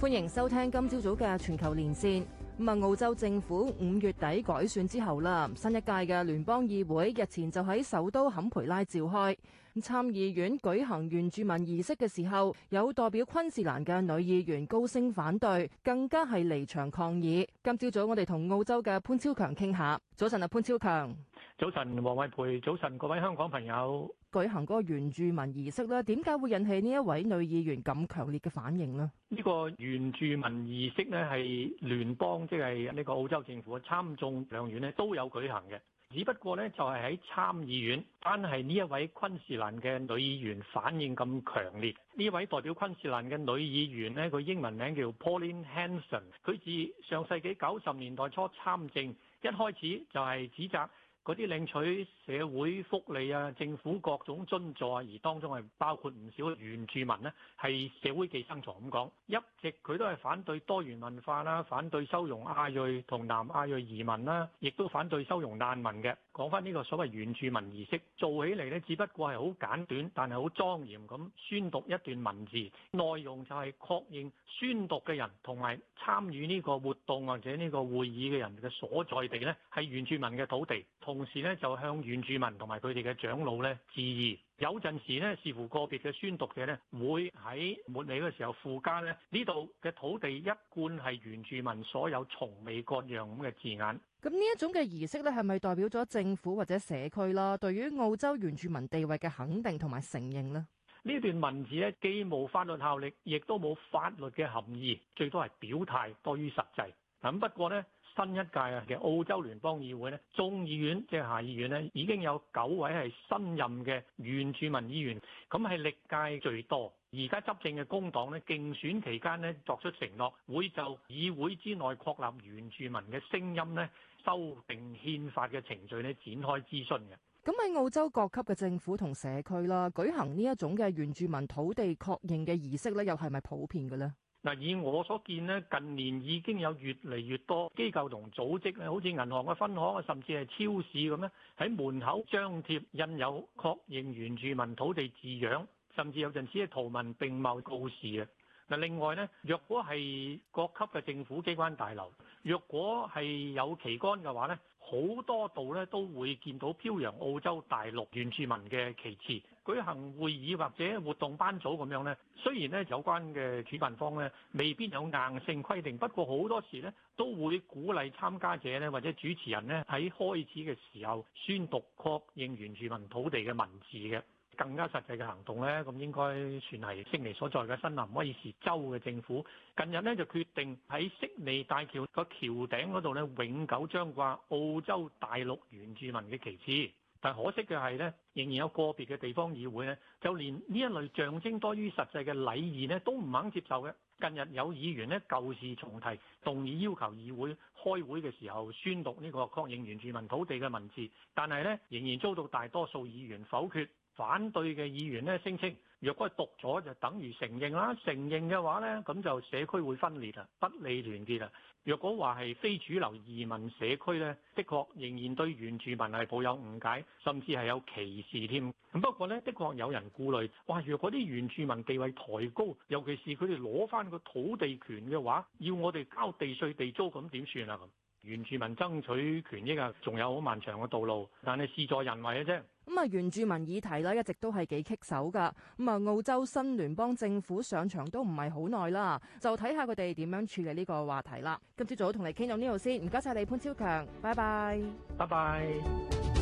歡迎收聽今朝早嘅全球連線。咁啊！澳洲政府五月底改選之後啦，新一屆嘅聯邦議會日前就喺首都坎培拉召開，參議院舉行原住民儀式嘅時候，有代表昆士蘭嘅女議員高聲反對，更加係離場抗議，今朝早我哋同澳洲嘅潘超強傾下。早晨啊，潘超強。早晨，王慧培，早晨，各位香港朋友。舉行嗰個原住民儀式咧，點解會引起呢一位女議員咁強烈嘅反應咧？呢個原住民儀式咧，係聯邦即係呢個澳洲政府嘅參眾兩院咧都有舉行嘅，只不過咧就係喺參議院，單係呢一位昆士蘭嘅女議員反應咁強烈。呢位代表昆士蘭嘅女議員咧，佢英文名叫 Pauline Hanson，佢自上世紀九十年代初參政，一開始就係指責。嗰啲領取。社會福利啊，政府各種津助啊，而當中係包括唔少原住民咧，係社會寄生蟲咁講。一直佢都係反對多元文化啦、啊，反對收容亞裔同南亞裔移民啦、啊，亦都反對收容難民嘅。講翻呢個所謂原住民儀式，做起嚟呢，只不過係好簡短，但係好莊嚴咁宣讀一段文字，內容就係確認宣讀嘅人同埋參與呢個活動或者呢個會議嘅人嘅所在地呢，係原住民嘅土地，同時呢，就向原原住民同埋佢哋嘅長老咧致意，有陣時呢，視乎個別嘅宣讀者呢，會喺末尾嘅時候附加呢，呢度嘅土地一貫係原住民所有，從未割讓咁嘅字眼。咁呢一種嘅儀式咧，係咪代表咗政府或者社區啦，對於澳洲原住民地位嘅肯定同埋承認呢？呢段文字咧既冇法律效力，亦都冇法律嘅含義，最多係表態多於實際。嗱，咁不過呢。新一屆啊，其實澳洲聯邦議會呢，眾議院即係下議院呢，已經有九位係新任嘅原住民議員，咁係歷屆最多。而家執政嘅工黨呢，競選期間呢，作出承諾，會就議會之內確立原住民嘅聲音呢，修訂憲法嘅程序呢，展開諮詢嘅。咁喺澳洲各級嘅政府同社區啦，舉行呢一種嘅原住民土地確認嘅儀式呢又係咪普遍嘅呢？嗱，以我所見咧，近年已經有越嚟越多機構同組織咧，好似銀行嘅分行啊，甚至係超市咁咧，喺門口張貼印有確認原住民土地字樣，甚至有陣時咧圖文並茂告示嘅。嗱，另外咧，若果係各級嘅政府機關大樓，若果係有旗杆嘅話咧。好多度咧都會見到飄揚澳洲大陸原住民嘅旗幟，舉行會議或者活動班組。咁樣呢，雖然咧有關嘅主辦方呢未必有硬性規定，不過好多時呢都會鼓勵參加者呢或者主持人呢喺開始嘅時候宣讀確認原住民土地嘅文字嘅。更加實際嘅行動呢，咁應該算係悉尼所在嘅新南威爾士州嘅政府近日呢，就決定喺悉尼大橋個橋頂嗰度呢永久張掛澳洲大陸原住民嘅旗幟。但可惜嘅係呢，仍然有個別嘅地方議會呢，就連呢一類象徵多於實際嘅禮儀呢都唔肯接受嘅。近日有議員呢舊事重提，動議要求議會開會嘅時候宣讀呢個確認原住民土地嘅文字，但係呢，仍然遭到大多數議員否決。反對嘅議員呢，聲稱若果係讀咗，就等於承認啦。承認嘅話呢，咁就社區會分裂啦，不利團結啦。若果話係非主流移民社區呢，的確仍然對原住民係抱有誤解，甚至係有歧視添。咁不過呢，的確有人顧慮話，若果啲原住民地位抬高，尤其是佢哋攞翻個土地權嘅話，要我哋交地稅地租，咁點算啊？咁。原住民爭取權益啊，仲有好漫長嘅道路，但係事在人為嘅啫。咁啊，原住民議題咧一直都係幾棘手㗎。咁啊，澳洲新聯邦政府上場都唔係好耐啦，就睇下佢哋點樣處理呢個話題啦。今朝早同你傾到呢度先，唔該晒你潘超強，拜拜，拜拜。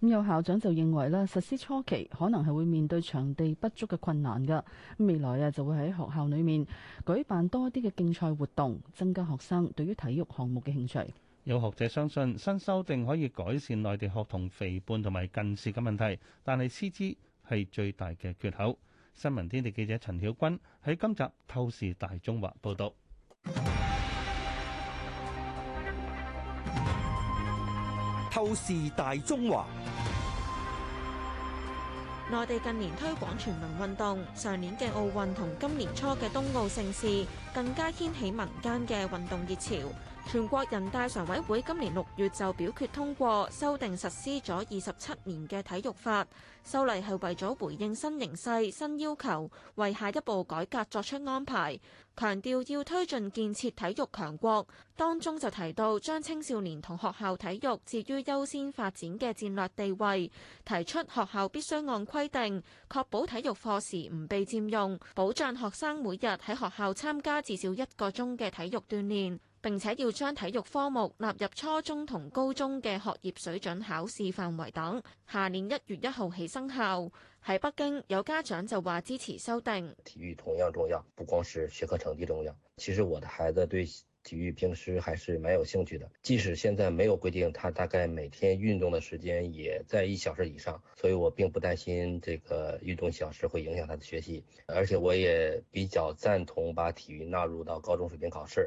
咁有校長就認為啦，實施初期可能係會面對場地不足嘅困難㗎。未來啊，就會喺學校裏面舉辦多啲嘅競賽活動，增加學生對於體育項目嘅興趣。有學者相信新修訂可以改善內地學童肥胖同埋近視嘅問題，但係師資係最大嘅缺口。新聞天地記者陳曉君喺今集《透視大中華》報道。都是大中華。內地近年推廣全民運動，上年嘅奧運同今年初嘅冬奧盛事，更加掀起民間嘅運動熱潮。全國人大常委會今年六月就表決通過修訂實施咗二十七年嘅《體育法》，修例係為咗回應新形勢、新要求，為下一步改革作出安排，強調要推進建設體育強國，當中就提到將青少年同學校體育置於優先發展嘅戰略地位，提出學校必須按規定確保體育課時唔被佔用，保障學生每日喺學校參加至少一個鐘嘅體育鍛煉。並且要將體育科目納入初中同高中嘅學業水準考試範圍等，下年一月一號起生效。喺北京有家長就話支持修訂。體育同樣重要，不光是學科成績重要。其實我的孩子對體育平時還是蠻有興趣的，即使現在沒有規定，他大概每天運動嘅時間也在一小時以上，所以我並不擔心這個運動小時會影響他的學習。而且我也比較贊同把體育納入到高中水平考試。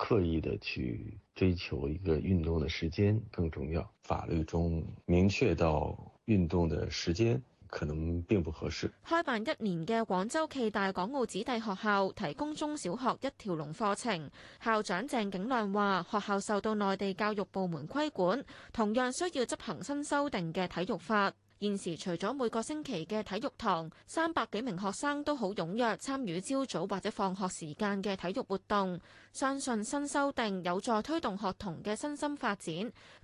刻意的去追求一個運動的時間更重要。法律中明確到運動的時間可能並不合適。開辦一年嘅廣州暨大港澳子弟學校，提供中小學一條龍課程。校長鄭景亮話，學校受到內地教育部門規管，同樣需要執行新修訂嘅體育法。現時除咗每個星期嘅體育堂，三百幾名學生都好踴躍參與朝早或者放學時間嘅體育活動。相信新修訂有助推動學童嘅身心發展。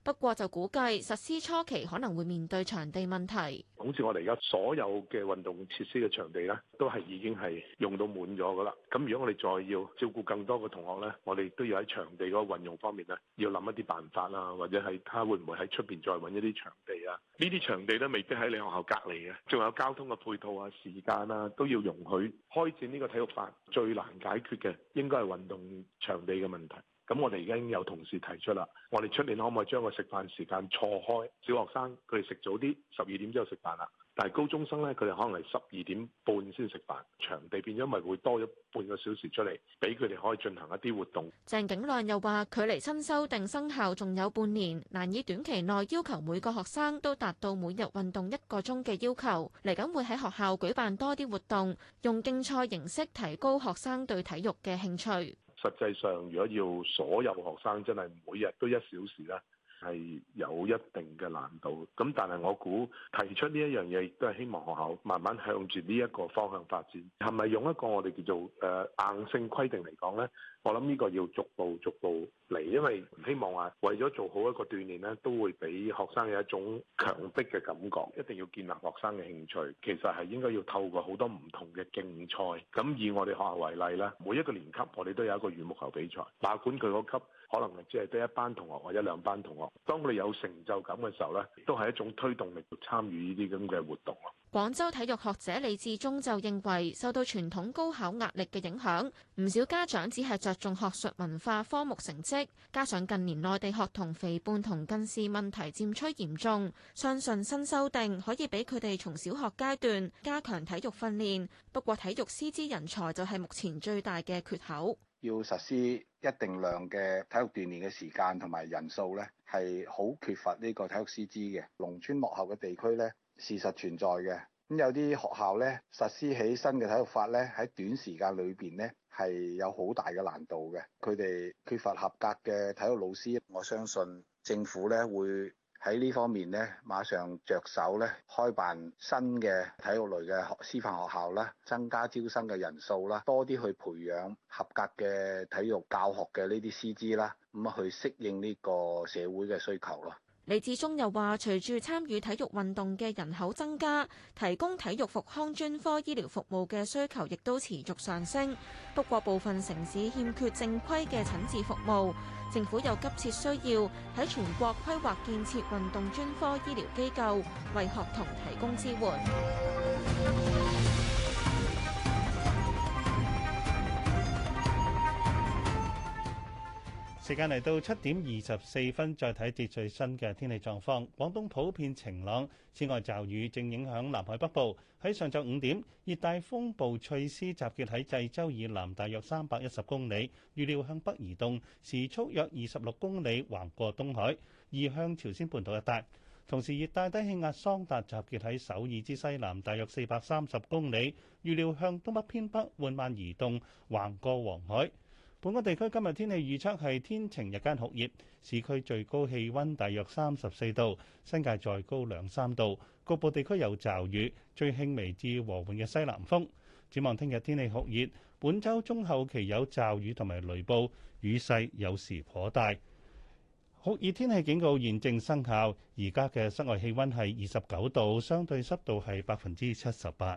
不過就估計實施初期可能會面對場地問題。好似我哋而家所有嘅運動設施嘅場地呢，都係已經係用到滿咗噶啦。咁如果我哋再要照顧更多嘅同學呢，我哋都要喺場地嗰個運用方面呢，要諗一啲辦法啦，或者係睇下會唔會喺出邊再揾一啲場地啊。呢啲場地都未。即喺你學校隔籬嘅，仲有交通嘅配套啊、時間啊，都要容許開展呢個體育法。最難解決嘅應該係運動場地嘅問題。咁我哋而家已經有同事提出啦，我哋出年可唔可以將個食飯時間錯開？小學生佢哋食早啲，十二點之後食飯啦。但係高中生咧，佢哋可能係十二點半先食飯，場地變咗咪會多咗半個小時出嚟，俾佢哋可以進行一啲活動。鄭景亮又話，距離新修訂生效仲有半年，難以短期內要求每個學生都達到每日運動一個鐘嘅要求。嚟緊會喺學校舉辦多啲活動，用競賽形式提高學生對體育嘅興趣。實際上，如果要所有學生真係每日都一小時啦。係有一定嘅難度，咁但係我估提出呢一樣嘢，亦都係希望學校慢慢向住呢一個方向發展。係咪用一個我哋叫做誒、呃、硬性規定嚟講呢？我諗呢個要逐步逐步嚟，因為希望話、啊、為咗做好一個鍛鍊呢，都會俾學生有一種強迫嘅感覺。一定要建立學生嘅興趣，其實係應該要透過好多唔同嘅競賽。咁以我哋學校為例啦，每一個年級我哋都有一個羽毛球比賽，哪管佢嗰級。可能只係得一班同學或者兩班同學，當佢哋有成就感嘅時候呢，都係一種推動力，參與呢啲咁嘅活動咯。廣州體育學者李志忠就認為，受到傳統高考壓力嘅影響，唔少家長只係着重學術文化科目成績，加上近年內地學童肥胖同近視問題漸趨嚴重，相信新修訂可以俾佢哋從小學階段加強體育訓練。不過，體育師資人才就係目前最大嘅缺口。要實施一定量嘅體育鍛煉嘅時間同埋人數呢，係好缺乏呢個體育師資嘅。農村落後嘅地區呢，事實存在嘅。咁有啲學校呢，實施起新嘅體育法呢，喺短時間裏邊呢，係有好大嘅難度嘅。佢哋缺乏合格嘅體育老師，我相信政府呢會，喺呢方面咧，馬上着手咧，開辦新嘅體育類嘅學師範學校啦，增加招生嘅人數啦，多啲去培養合格嘅體育教學嘅呢啲師資啦，咁啊去適應呢個社會嘅需求咯。李志忠又話，隨住參與體育運動嘅人口增加，提供體育復康專科醫療服務嘅需求亦都持續上升。不過，部分城市欠缺正規嘅診治服務，政府又急切需要喺全國規劃建設運動專科醫療機構，為學童提供支援。時間嚟到七點二十四分，再睇住最新嘅天氣狀況。廣東普遍晴朗，此外，驟雨正影響南海北部。喺上晝五點，熱帶風暴翠絲集結喺濟州以南大約三百一十公里，預料向北移動，時速約二十六公里，橫過東海，移向朝鮮半島一帶。同時，熱帶低氣壓桑達集結喺首爾之西南大約四百三十公里，預料向東北偏北緩慢移動，橫過黃海。本港地區今日天氣預測係天晴，日間酷熱，市區最高氣温大約三十四度，新界再高兩三度。局部地區有驟雨，吹輕微至和緩嘅西南風。展望聽日天氣酷熱，本週中後期有驟雨同埋雷暴，雨勢有時頗大。酷熱天氣警告現正生效，而家嘅室外氣温係二十九度，相對濕度係百分之七十八。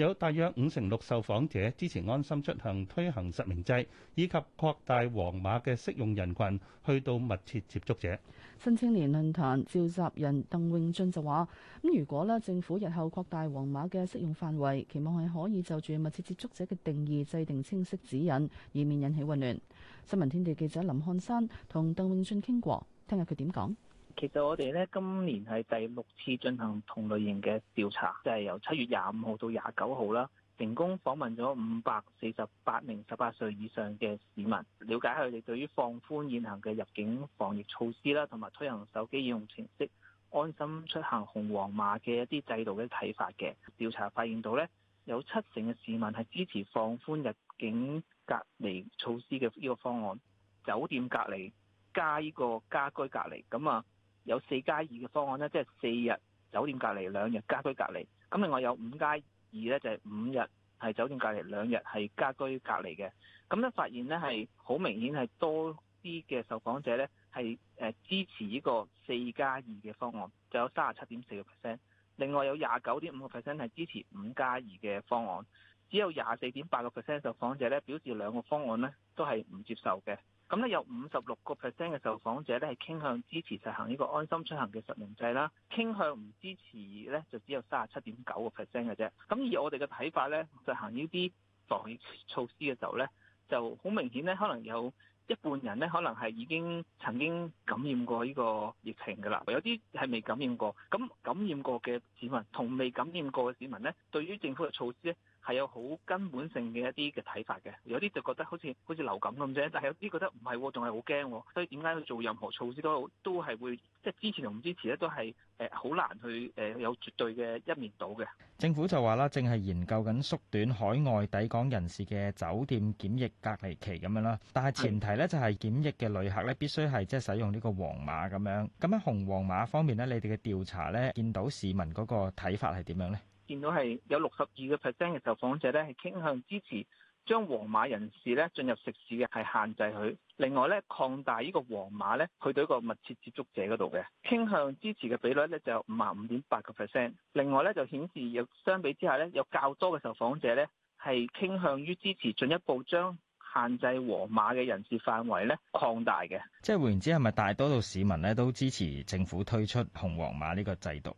有大約五成六受訪者支持安心出行推行實名制，以及擴大黃碼嘅適用人群去到密切接觸者。新青年論壇召集人鄧永俊就話：咁如果咧，政府日後擴大黃碼嘅適用範圍，期望係可以就住密切接觸者嘅定義制定清晰指引，以免引起混亂。新聞天地記者林漢山同鄧永俊傾過，聽下佢點講？其實我哋咧今年係第六次進行同類型嘅調查，就係由七月廿五號到廿九號啦，成功訪問咗五百四十八名十八歲以上嘅市民，了解佢哋對於放寬現行嘅入境防疫措施啦，同埋推行手機應用程式安心出行紅黃碼嘅一啲制度嘅睇法嘅調查，發現到咧有七成嘅市民係支持放寬入境隔離措施嘅呢個方案，酒店隔離加呢個家居隔離咁啊。有四加二嘅方案呢，即係四日酒店隔離，兩日家居隔離。咁另外有五加二呢，就係五日係酒店隔離，兩日係家居隔離嘅。咁呢發現呢係好明顯係多啲嘅受訪者呢係誒支持呢個四加二嘅方案，就有三十七點四個 percent。另外有廿九點五個 percent 係支持五加二嘅方案，只有廿四點八個 percent 受訪者呢表示兩個方案呢都係唔接受嘅。咁咧有五十六個 percent 嘅受訪者咧係傾向支持實行呢個安心出行嘅實名制啦，傾向唔支持咧就只有三十七點九個 percent 嘅啫。咁以我哋嘅睇法咧，實行呢啲防疫措施嘅時候咧，就好明顯咧，可能有一半人咧可能係已經曾經感染過呢個疫情㗎啦，有啲係未感染過。咁感染過嘅市民同未感染過嘅市民咧，對於政府嘅措施咧，係有好根本性嘅一啲嘅睇法嘅，有啲就覺得好似好似流感咁啫，但係有啲覺得唔係喎，仲係好驚喎，所以點解要做任何措施都都係會即係、就是、支持同唔支持咧，都係誒好難去誒、呃、有絕對嘅一面倒嘅。政府就話啦，正係研究緊縮短海外抵港人士嘅酒店檢疫隔離期咁樣啦，但係前提咧就係、是、檢疫嘅旅客咧必須係即係使，使用呢個黃碼咁樣。咁喺紅黃碼方面咧，你哋嘅調查咧見到市民嗰個睇法係點樣咧？見到係有六十二個 percent 嘅受訪者咧，係傾向支持將黃碼人士咧進入食肆嘅係限制佢。另外咧，擴大呢個黃碼咧去到一個密切接觸者嗰度嘅傾向支持嘅比率咧就有五啊五點八個 percent。另外咧就顯示有相比之下咧有較多嘅受訪者咧係傾向於支持進一步將限制黃碼嘅人士範圍咧擴大嘅。即係換言之，係咪大多數市民咧都支持政府推出紅黃碼呢個制度？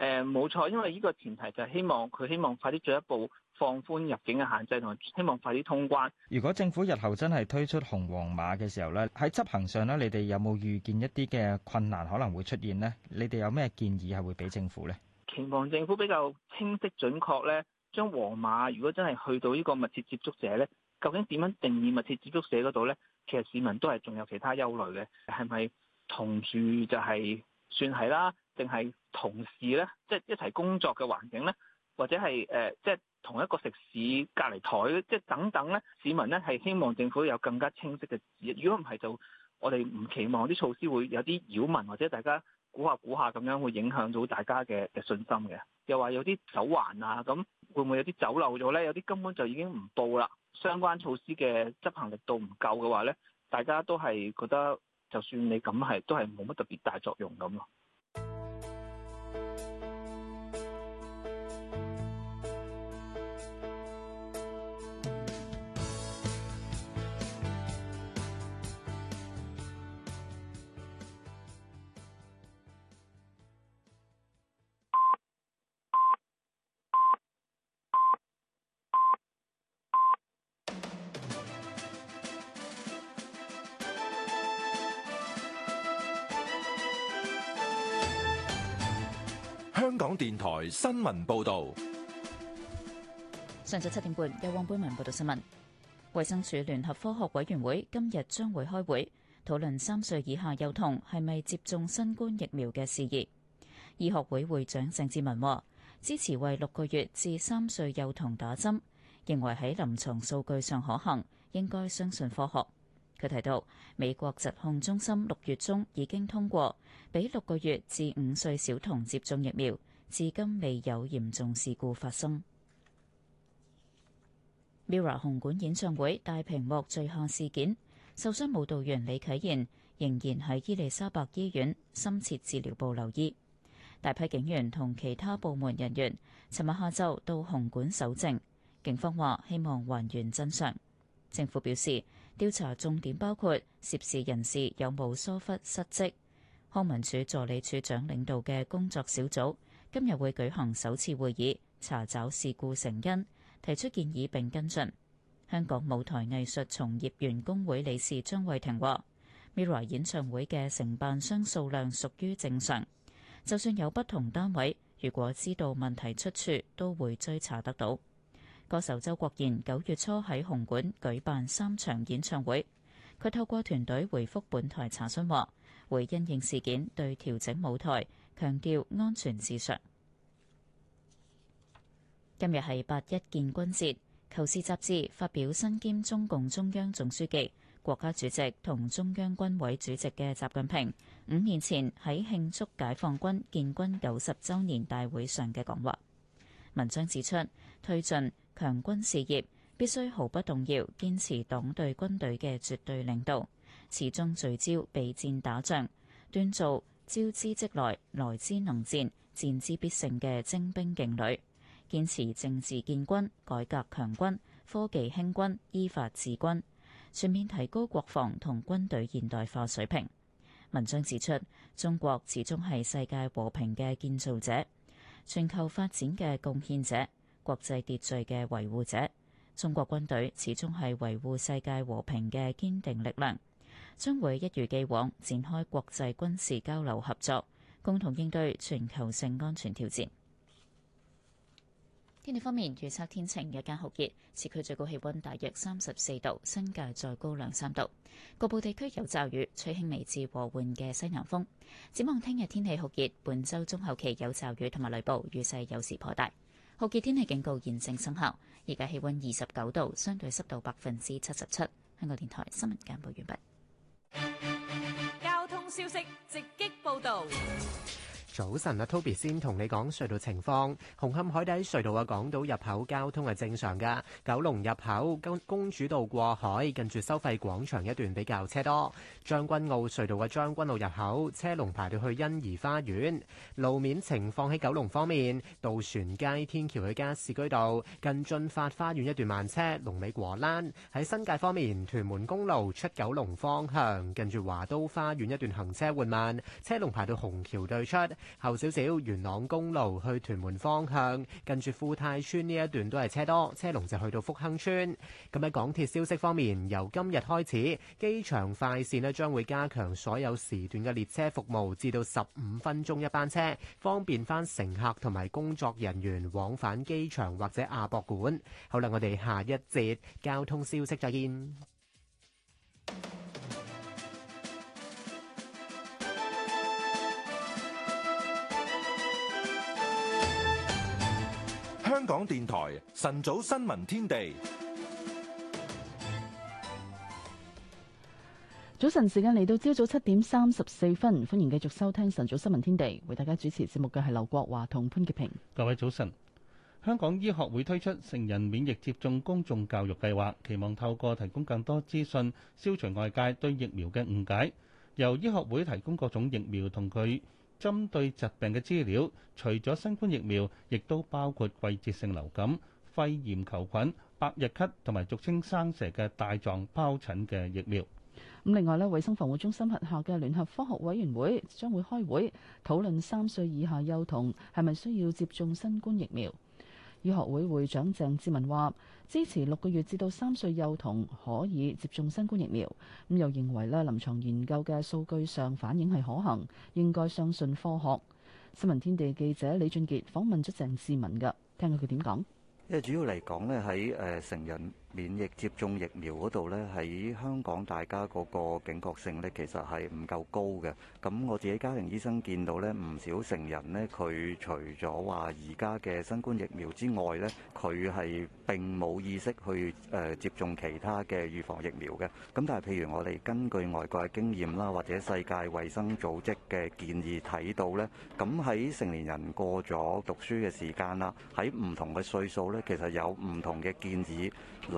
誒，冇錯，因為呢個前提就係希望佢希望快啲進一步放寬入境嘅限制，同希望快啲通關。如果政府日後真係推出紅黃碼嘅時候咧，喺執行上咧，你哋有冇預見一啲嘅困難可能會出現呢？你哋有咩建議係會俾政府呢？期望政府比較清晰準確咧，將黃碼如果真係去到呢個密切接觸者咧，究竟點樣定義密切接觸者嗰度咧？其實市民都係仲有其他憂慮嘅，係咪同住就係、是、算係啦？定係同事呢？即係一齊工作嘅環境呢？或者係誒、呃，即係同一個食肆隔離枱，即係等等呢。市民呢，係希望政府有更加清晰嘅指引。如果唔係，就我哋唔期望啲措施會有啲擾民，或者大家估下估下咁樣會影響到大家嘅嘅信心嘅。又話有啲走環啊，咁會唔會有啲走漏咗呢？有啲根本就已經唔報啦。相關措施嘅執行力度唔夠嘅話呢，大家都係覺得，就算你咁係，都係冇乜特別大作用咁咯。香港電台新聞報道：上晝七點半，有汪佩文報道新聞。衛生署聯合科學委員會今日將會開會討論三歲以下幼童係咪接種新冠疫苗嘅事宜。醫學會會長鄭志文話支持為六個月至三歲幼童打針，認為喺臨床數據上可行，應該相信科學。佢提到，美國疾控中心六月中已經通過俾六個月至五歲小童接種疫苗。至今未有嚴重事故發生。MIRROR 紅館演唱會大屏幕墜下事件，受傷舞蹈員李啟賢仍然喺伊利沙伯醫院深切治療部留醫。大批警員同其他部門人員，尋日下晝到紅館搜證。警方話希望還原真相。政府表示調查重點包括涉事人士有冇疏忽失職。康文署助理署長領導嘅工作小組，今日會舉行首次會議，查找事故成因，提出建議並跟進。香港舞台藝術從業員工會理事張慧婷話，Mirror 演唱會嘅承辦商數量屬於正常，就算有不同單位，如果知道問題出處，都會追查得到。歌手周國賢九月初喺紅館舉辦三場演唱會，佢透過團隊回覆本台查詢話，會因應事件對調整舞台。強調安全至上。今日係八一建軍節，《求是》雜誌發表身兼中共中央總書記、國家主席同中央軍委主席嘅習近平五年前喺慶祝解放軍建軍九十週年大會上嘅講話。文章指出，推進強軍事業必須毫不動搖堅持黨對軍隊嘅絕對領導，始終聚焦備戰打仗，鍛造，招之即來，來之能戰，戰之必勝嘅精兵勁旅，堅持政治建軍、改革強軍、科技興軍、依法治軍，全面提高國防同軍隊現代化水平。文章指出，中國始終係世界和平嘅建造者、全球發展嘅貢獻者、國際秩序嘅維護者。中國軍隊始終係維護世界和平嘅堅定力量。將會一如既往展開國際軍事交流合作，共同應對全球性安全挑戰。天氣方面，預測天晴，日間酷熱，市區最高氣温大約三十四度，新界再高兩三度。局部地區有驟雨，吹輕微至和緩嘅西南風。展望聽日天氣酷熱，本周中後期有驟雨同埋雷暴，雨勢有時頗大。酷熱天氣警告現正生效，而家氣温二十九度，相對濕度百分之七十七。香港電台新聞簡報完畢。交通消息，直擊報道。早晨啊，Toby 先同你講隧道情況。紅磡海底隧道嘅港島入口交通係正常噶。九龍入口、公主道過海，近住收費廣場一段比較車多。將軍澳隧道嘅將軍澳入口車龍排到去欣宜花園。路面情況喺九龍方面，渡船街天橋嘅加士居道，近駿發花園一段慢車。龍尾果欄喺新界方面，屯門公路出九龍方向，近住華都花園一段行車緩慢，車龍排到紅橋對出。後少少，元朗公路去屯門方向，近住富泰村呢一段都係車多，車龍就去到福亨村。咁喺港鐵消息方面，由今日開始，機場快線呢將會加強所有時段嘅列車服務，至到十五分鐘一班車，方便翻乘客同埋工作人員往返機場或者亞博館。好啦，我哋下一節交通消息再見。香港電台晨早新聞天地，早晨時間嚟到，朝早七點三十四分，歡迎繼續收聽晨早新聞天地，為大家主持節目嘅係劉國華同潘潔平。各位早晨，香港醫學會推出成人免疫接種公眾教育計劃，期望透過提供更多資訊，消除外界對疫苗嘅誤解。由醫學會提供各種疫苗同佢。針對疾病嘅資料，除咗新冠疫苗，亦都包括季節性流感、肺炎球菌、百日咳同埋俗稱生蛇嘅帶狀疱疹嘅疫苗。咁另外咧，衞生防護中心轄下嘅聯合科學委員會將會開會，討論三歲以下幼童係咪需要接種新冠疫苗。醫學會會長鄭志文話。支持六個月至到三歲幼童可以接種新冠疫苗，咁又認為咧，臨床研究嘅數據上反映係可行，應該相信科學。新聞天地記者李俊傑訪問咗鄭志文嘅，聽下佢點講。因為主要嚟講咧，喺誒成人，免疫接種疫苗嗰度咧，喺香港大家嗰個警覺性咧，其實係唔夠高嘅。咁我自己家庭醫生見到咧，唔少成人咧，佢除咗話而家嘅新冠疫苗之外咧，佢係並冇意識去誒接種其他嘅預防疫苗嘅。咁但係譬如我哋根據外國嘅經驗啦，或者世界衞生組織嘅建議睇到咧，咁喺成年人過咗讀書嘅時間啦，喺唔同嘅歲數咧，其實有唔同嘅建議。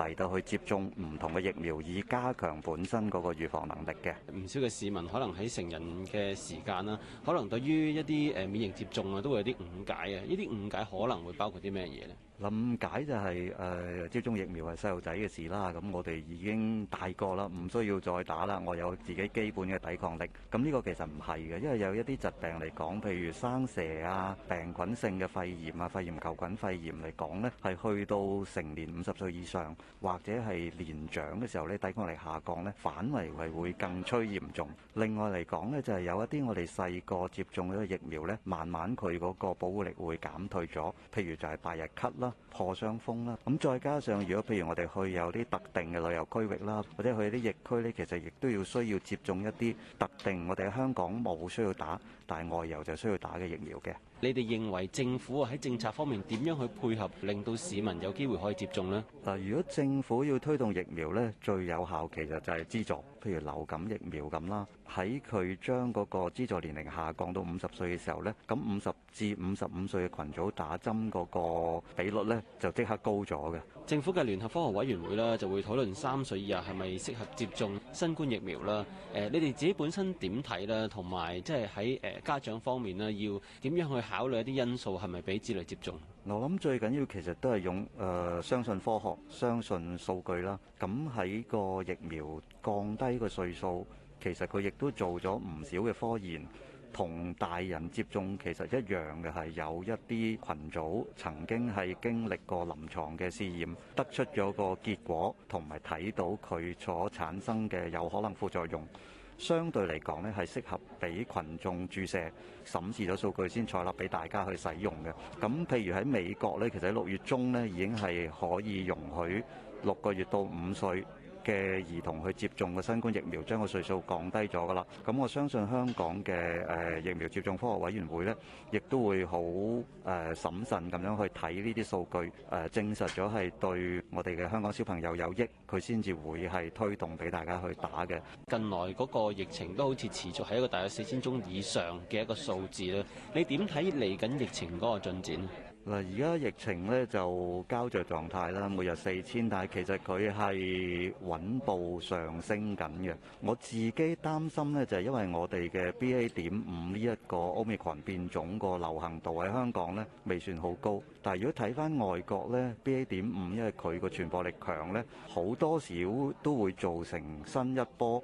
嚟到去接種唔同嘅疫苗，以加強本身嗰個預防能力嘅。唔少嘅市民可能喺成人嘅時間啦，可能對於一啲誒免疫接種啊，都會有啲誤解啊。呢啲誤解可能會包括啲咩嘢咧？諗解就係誒接種疫苗係細路仔嘅事啦。咁我哋已經大個啦，唔需要再打啦。我有自己基本嘅抵抗力。咁呢個其實唔係嘅，因為有一啲疾病嚟講，譬如生蛇啊、病菌性嘅肺炎啊、肺炎球菌肺炎嚟講咧，係去到成年五十歲以上或者係年長嘅時候咧，抵抗力下降咧，反為係會更趨嚴重。另外嚟講咧，就係有一啲我哋細個接種嗰啲疫苗咧，慢慢佢嗰個保護力會減退咗。譬如就係百日咳。破傷風啦，咁再加上如果譬如我哋去有啲特定嘅旅遊區域啦，或者去啲疫區呢，其實亦都要需要接種一啲特定我哋喺香港冇需要打，但係外遊就需要打嘅疫苗嘅。你哋認為政府喺政策方面點樣去配合，令到市民有機會可以接種咧？嗱，如果政府要推動疫苗咧，最有效其實就係資助，譬如流感疫苗咁啦。喺佢將嗰個資助年齡下降到五十歲嘅時候咧，咁五十至五十五歲嘅群組打針嗰個比率咧，就即刻高咗嘅。政府嘅聯合科學委員會啦，就會討論三歲以下係咪適合接種新冠疫苗啦。誒、呃，你哋自己本身點睇啦？同埋即係喺誒家長方面啦，要點樣去考慮一啲因素係咪俾子女接種？我諗最緊要其實都係用誒、呃、相信科學、相信數據啦。咁喺個疫苗降低個歲數，其實佢亦都做咗唔少嘅科研。同大人接種其實一樣嘅，係有一啲群組曾經係經歷過臨床嘅試驗，得出咗個結果，同埋睇到佢所產生嘅有可能副作用，相對嚟講咧係適合俾群眾注射。審視咗數據先採納俾大家去使用嘅。咁譬如喺美國咧，其實喺六月中咧已經係可以容許六個月到五歲。嘅兒童去接種個新冠疫苗，將個歲數降低咗噶啦。咁我相信香港嘅誒、呃、疫苗接種科學委員會呢，亦都會好誒、呃、審慎咁樣去睇呢啲數據，誒、呃、證實咗係對我哋嘅香港小朋友有益，佢先至會係推動俾大家去打嘅。近來嗰個疫情都好似持續喺一個大約四千宗以上嘅一個數字啦。你點睇嚟緊疫情嗰個進展？嗱，而家疫情咧就膠着狀態啦，每日四千，但係其實佢係穩步上升緊嘅。我自己擔心咧，就係因為我哋嘅 BA. 點五呢一個 Omicron 變種個流行度喺香港咧，未算好高。但係如果睇返外國咧，BA. 點五因為佢個傳播力強咧，好多時都會造成新一波。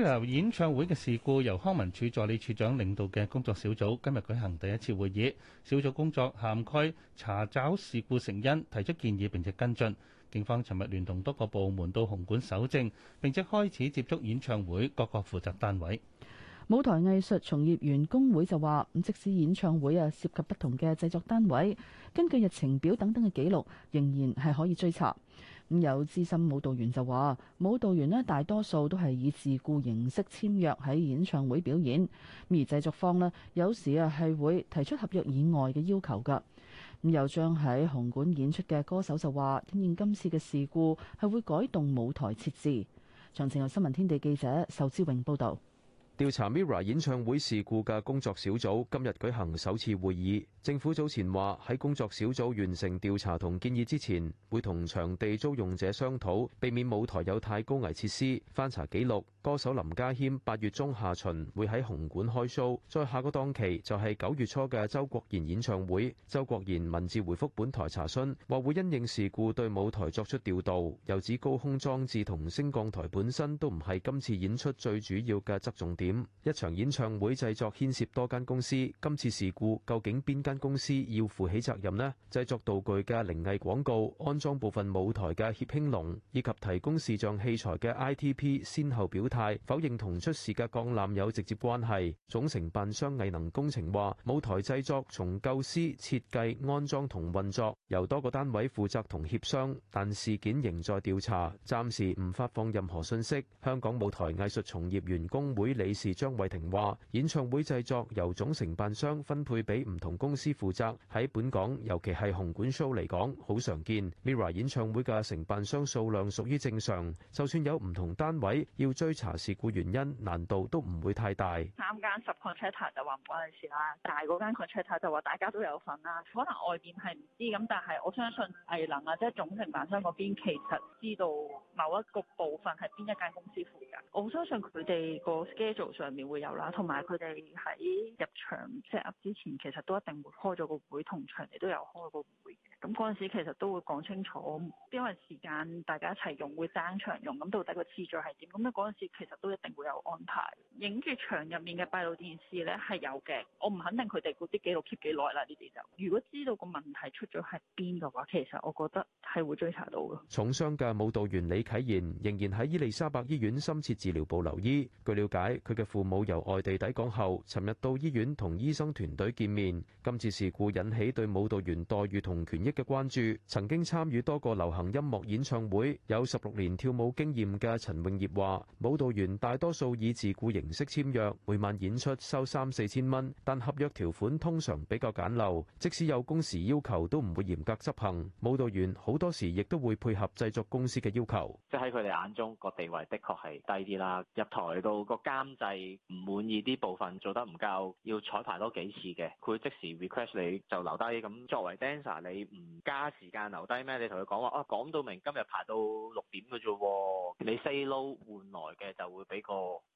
由演唱會嘅事故，由康文署助理署長領導嘅工作小組今日舉行第一次會議。小組工作涵蓋查找事故成因，提出建議並且跟進。警方尋日聯同多個部門到紅館搜證，並且開始接觸演唱會各個負責單位。舞台藝術從業員工會就話：咁即使演唱會啊涉及不同嘅製作單位，根據日程表等等嘅記錄，仍然係可以追查。咁有資深舞蹈員就話，舞蹈員咧大多數都係以自僱形式簽約喺演唱會表演，而製作方咧有時啊係會提出合約以外嘅要求㗎。又有將喺紅館演出嘅歌手就話，因今次嘅事故係會改動舞台設置。詳情由新聞天地記者壽之永報導。調查 MIRROR 演唱會事故嘅工作小組今日舉行首次會議。政府早前話，喺工作小組完成調查同建議之前，會同場地租用者商討，避免舞台有太高危設施。翻查記錄。歌手林家謙八月中下旬會喺紅館開 show，再下個檔期就係九月初嘅周國賢演唱會。周國賢文字回覆本台查詢，話會因應事故對舞台作出調度，又指高空裝置同升降台本身都唔係今次演出最主要嘅側重點。一場演唱會製作牽涉多間公司，今次事故究竟邊間公司要負起責任呢？製作道具嘅靈藝廣告、安裝部分舞台嘅協興龍以及提供視像器材嘅 I.T.P 先後表態。否認同出事嘅鋼纜有直接關係。總承辦商藝能工程話：舞台製作從構思、設計、安裝同運作，由多個單位負責同協商。但事件仍在調查，暫時唔發放任何信息。香港舞台藝術從業員工會理事張慧婷話：演唱會製作由總承辦商分配俾唔同公司負責，喺本港尤其係紅館 show 嚟講好常見。Mirror 演唱會嘅承辦商數量屬於正常，就算有唔同單位要追查。查事故原因難度都唔會太大。三間十 contractor 就話唔關你事啦，但嗰間 contractor 就話大家都有份啦。可能外邊係唔知咁，但係我相信藝能啊，即係總承辦商嗰邊其實知道某一個部分係邊一間公司負責。我相信佢哋個 schedule 上面會有啦，同埋佢哋喺入場 set up 之前，其實都一定會開咗個會，同場地都有開過會咁嗰陣時其實都會講清楚，因為時間大家一齊用會爭場用，咁到底個次序係點？咁咧嗰陣時其實都一定會有安排。影住場入面嘅閉路電視咧係有嘅，我唔肯定佢哋嗰啲記錄 keep 幾耐啦呢啲就。如果知道個問題出咗喺邊嘅話，其實我覺得係會追查到嘅。重傷嘅舞蹈員李啟言仍然喺伊利沙伯醫院深切治療部留醫。據了解，佢嘅父母由外地抵港後，尋日到醫院同醫生團隊見面。今次事故引起對舞蹈員待遇同權億嘅關注，曾經參與多個流行音樂演唱會，有十六年跳舞經驗嘅陳永業話，舞蹈員大多數以自雇形式簽約，每晚演出收三四千蚊，但合約條款通常比較簡陋，即使有工時要求，都唔會嚴格執行。舞蹈員好多時亦都會配合製作公司嘅要求，即喺佢哋眼中個地位的確係低啲啦。入台到個監製唔滿意啲部分做得唔夠，要彩排多幾次嘅，佢即時 request 你就留低。咁作為 dancer 你唔加時間留低咩？你同佢講話啊，講到明今日排到六點嘅啫喎，你 say low 換來嘅就會俾個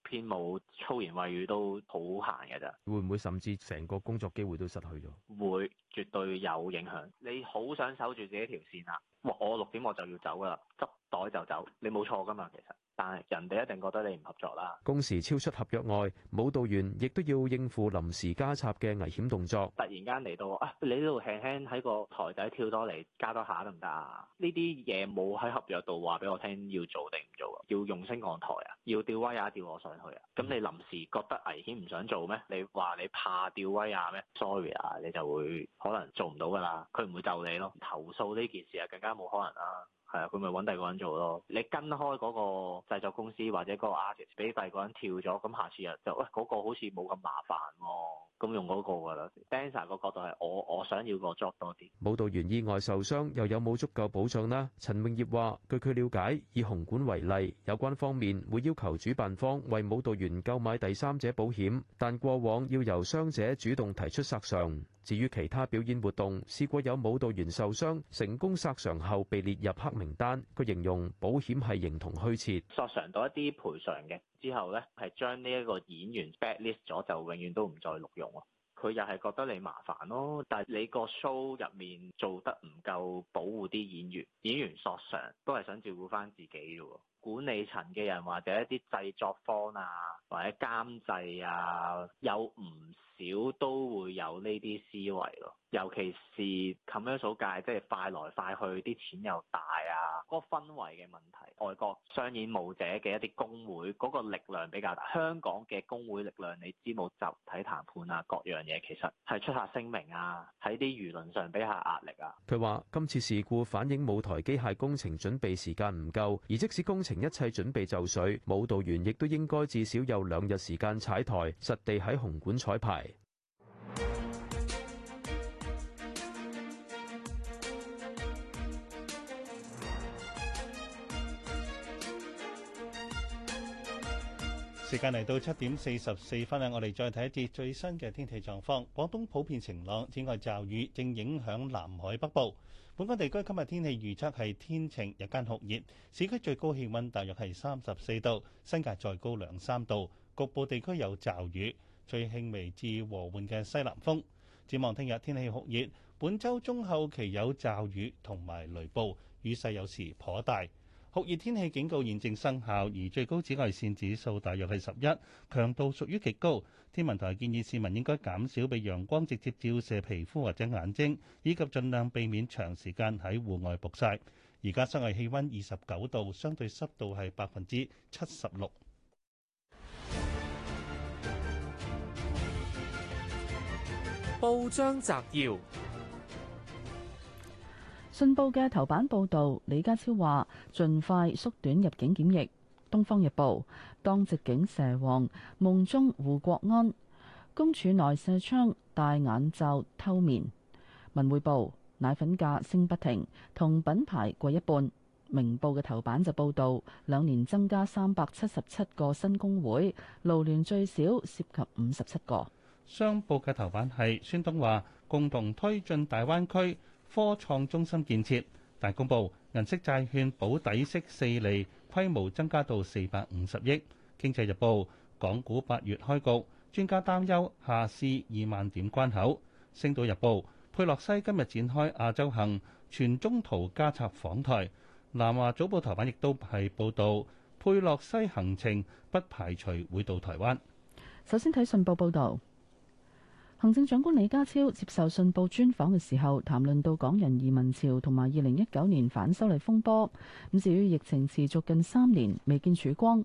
編舞、粗言穢語都好閒嘅咋。會唔會甚至成個工作機會都失去咗？會，絕對有影響。你好想守住自己條線啊？我六點我就要走噶啦，執袋就走，你冇錯噶嘛，其實，但係人哋一定覺得你唔合作啦。工時超出合約外，舞蹈員亦都要應付臨時加插嘅危險動作。突然間嚟到啊，你呢度輕輕喺個台底跳多嚟加多下得唔得啊？呢啲嘢冇喺合約度話俾我聽要做定唔做啊？要用升降台啊？要吊威亞啊，吊我上去啊？咁你臨時覺得危險唔想做咩？你話你怕吊威亞啊咩？Sorry 啊，你就會可能做唔到噶啦。佢唔會就你咯。投訴呢件事啊，更加～而家冇可能啊，係啊，佢咪揾第二個人做咯。你跟開嗰個製作公司或者嗰個 artist 俾第二個人跳咗，咁下次啊，就喂嗰個好似冇咁麻煩喎。咁用嗰個㗎啦，Dancer 個角度係我我想要個 job 多啲。舞蹈員意外受傷又有冇足夠保障呢？陳永業話，據佢了解，以紅館為例，有關方面會要求主辦方為舞蹈員購買第三者保險，但過往要由傷者主動提出索償，至於其他表演活動，試過有舞蹈員受傷，成功索償後被列入黑名單，佢形容保險係形同虛設，索償到一啲賠償嘅。之後咧，係將呢一個演員 bad list 咗，就永遠都唔再錄用。佢又係覺得你麻煩咯，但係你個 show 入面做得唔夠保護啲演員，演員索償都係想照顧翻自己啫喎。管理層嘅人或者一啲製作方啊，或者監製啊，有唔少都會有呢啲思維咯。尤其是 commercial 界，即係快來快去，啲錢又大啊，嗰、那個氛圍嘅問題。外國商演舞者嘅一啲工會嗰、那個力量比較大，香港嘅工會力量你知冇？集體談判啊，各樣嘢其實係出下聲明啊，喺啲輿論上俾下壓力啊。佢話：今次事故反映舞台機械工程準備時間唔夠，而即使工程，停一切準備就緒，舞蹈員亦都應該至少有兩日時間踩台，實地喺紅館彩排。時間嚟到七點四十四分啦，我哋再睇一節最新嘅天氣狀況。廣東普遍晴朗，只外驟雨正影響南海北部。本港地區今日天，天氣預測係天晴，日間酷熱，市區最高氣溫大約係三十四度，新界再高兩三度，局部地區有驟雨，吹輕微至和緩嘅西南風，展望聽日天，天氣酷熱，本周中後期有驟雨同埋雷暴，雨勢有時頗大。酷熱天氣警告現正生效，而最高紫外線指數大約係十一，強度屬於極高。天文台建議市民應該減少被陽光直接照射皮膚或者眼睛，以及盡量避免長時間喺戶外曝曬。而家室外氣溫二十九度，相對濕度係百分之七十六。報章摘要。信報嘅頭版報導，李家超話：盡快縮短入境檢疫。《東方日報》當值警蛇王夢中胡國安，公署內射槍戴眼罩偷眠。《文匯報》奶粉價升不停，同品牌貴一半。《明報》嘅頭版就報導，兩年增加三百七十七個新工會，勞聯最少涉及五十七個。商報嘅頭版係孫東話：共同推進大灣區。科創中心建設大公布，銀色債券保底息四厘，規模增加到四百五十億。經濟日報，港股八月開局，專家擔憂下市二萬點關口。星島日報，佩洛西今日展開亞洲行，全中途加插訪台。南華早報頭版亦都係報道，佩洛西行程不排除會到台灣。首先睇信報報道。行政長官李家超接受信報專訪嘅時候，談論到港人移民潮同埋二零一九年反修例風波。咁至於疫情持續近三年未見曙光，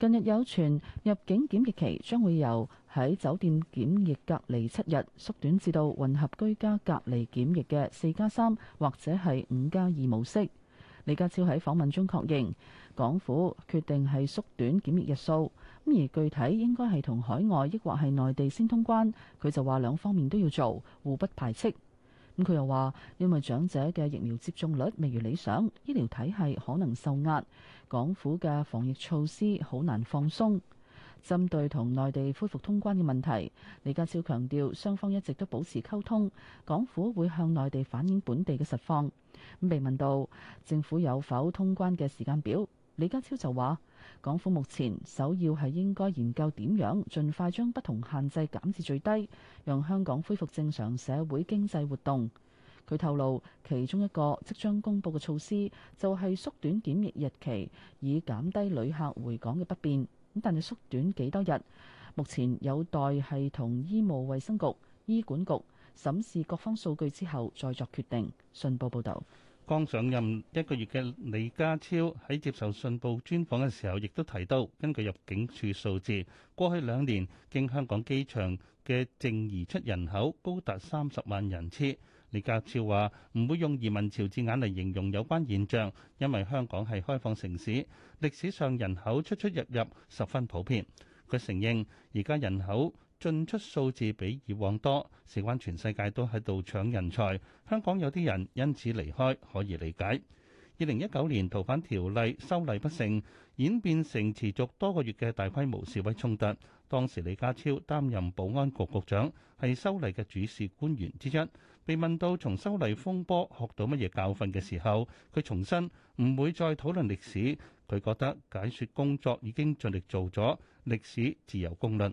近日有傳入境檢疫期將會由喺酒店檢疫隔離七日縮短至到混合居家隔離檢疫嘅四加三或者係五加二模式。李家超喺訪問中確認，港府決定係縮短檢疫日數。而具體應該係同海外，抑或係內地先通關，佢就話兩方面都要做，互不排斥。咁佢又話，因為長者嘅疫苗接種率未如理想，醫療體系可能受壓，港府嘅防疫措施好難放鬆。針對同內地恢復通關嘅問題，李家超強調，雙方一直都保持溝通，港府會向內地反映本地嘅實況。被問到政府有否通關嘅時間表？李家超就話，港府目前首要係應該研究點樣，盡快將不同限制減至最低，讓香港恢復正常社會經濟活動。佢透露，其中一個即將公布嘅措施就係縮短檢疫日期，以減低旅客回港嘅不便。咁但係縮短幾多日？目前有待係同醫務衛生局、醫管局審視各方數據之後再作決定。信報報道。剛上任一個月嘅李家超喺接受信報專訪嘅時候，亦都提到，根據入境處數字，過去兩年經香港機場嘅淨移出人口高達三十萬人次。李家超話唔會用移民潮字眼嚟形容有關現象，因為香港係開放城市，歷史上人口出出入入十分普遍。佢承認而家人口進出數字比以往多，事關全世界都喺度搶人才，香港有啲人因此離開，可以理解。二零一九年逃犯條例修例不成，演變成持續多個月嘅大規模示威衝突。當時李家超擔任保安局局長，係修例嘅主事官員之一。被問到從修例風波學到乜嘢教訓嘅時候，佢重申唔會再討論歷史。佢覺得解説工作已經盡力做咗，歷史自有公論。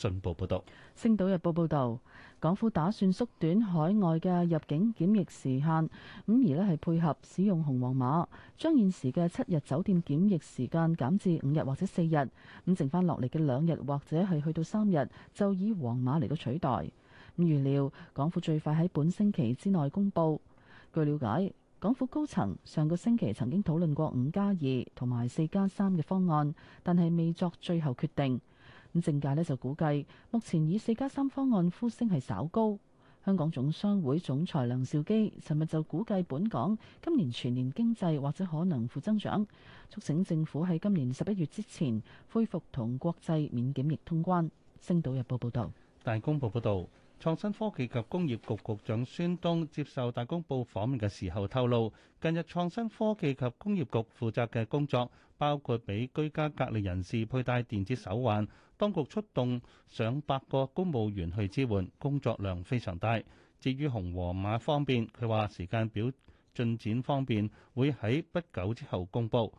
信報報導，《星島日報》報導，港府打算縮短海外嘅入境檢疫時限，咁而咧係配合使用紅黃碼，將現時嘅七日酒店檢疫時間減至五日或者四日，咁剩翻落嚟嘅兩日或者係去到三日，就以黃碼嚟到取代。咁預料港府最快喺本星期之內公布。據了解，港府高層上個星期曾經討論過五加二同埋四加三嘅方案，但係未作最後決定。咁政界呢就估計目前以四加三方案呼聲係稍高。香港總商會總裁梁兆基尋日就估計本港今年全年經濟或者可能負增長，促請政府喺今年十一月之前恢復同國際免檢疫通關。星島日報報道，大公報報道。創新科技及工業局局長孫東接受《大公報》訪問嘅時候透露，近日創新科技及工業局負責嘅工作包括俾居家隔離人士佩戴電子手環，當局出動上百個公務員去支援，工作量非常大。至於紅和馬方面，佢話時間表進展方面會喺不久之後公布。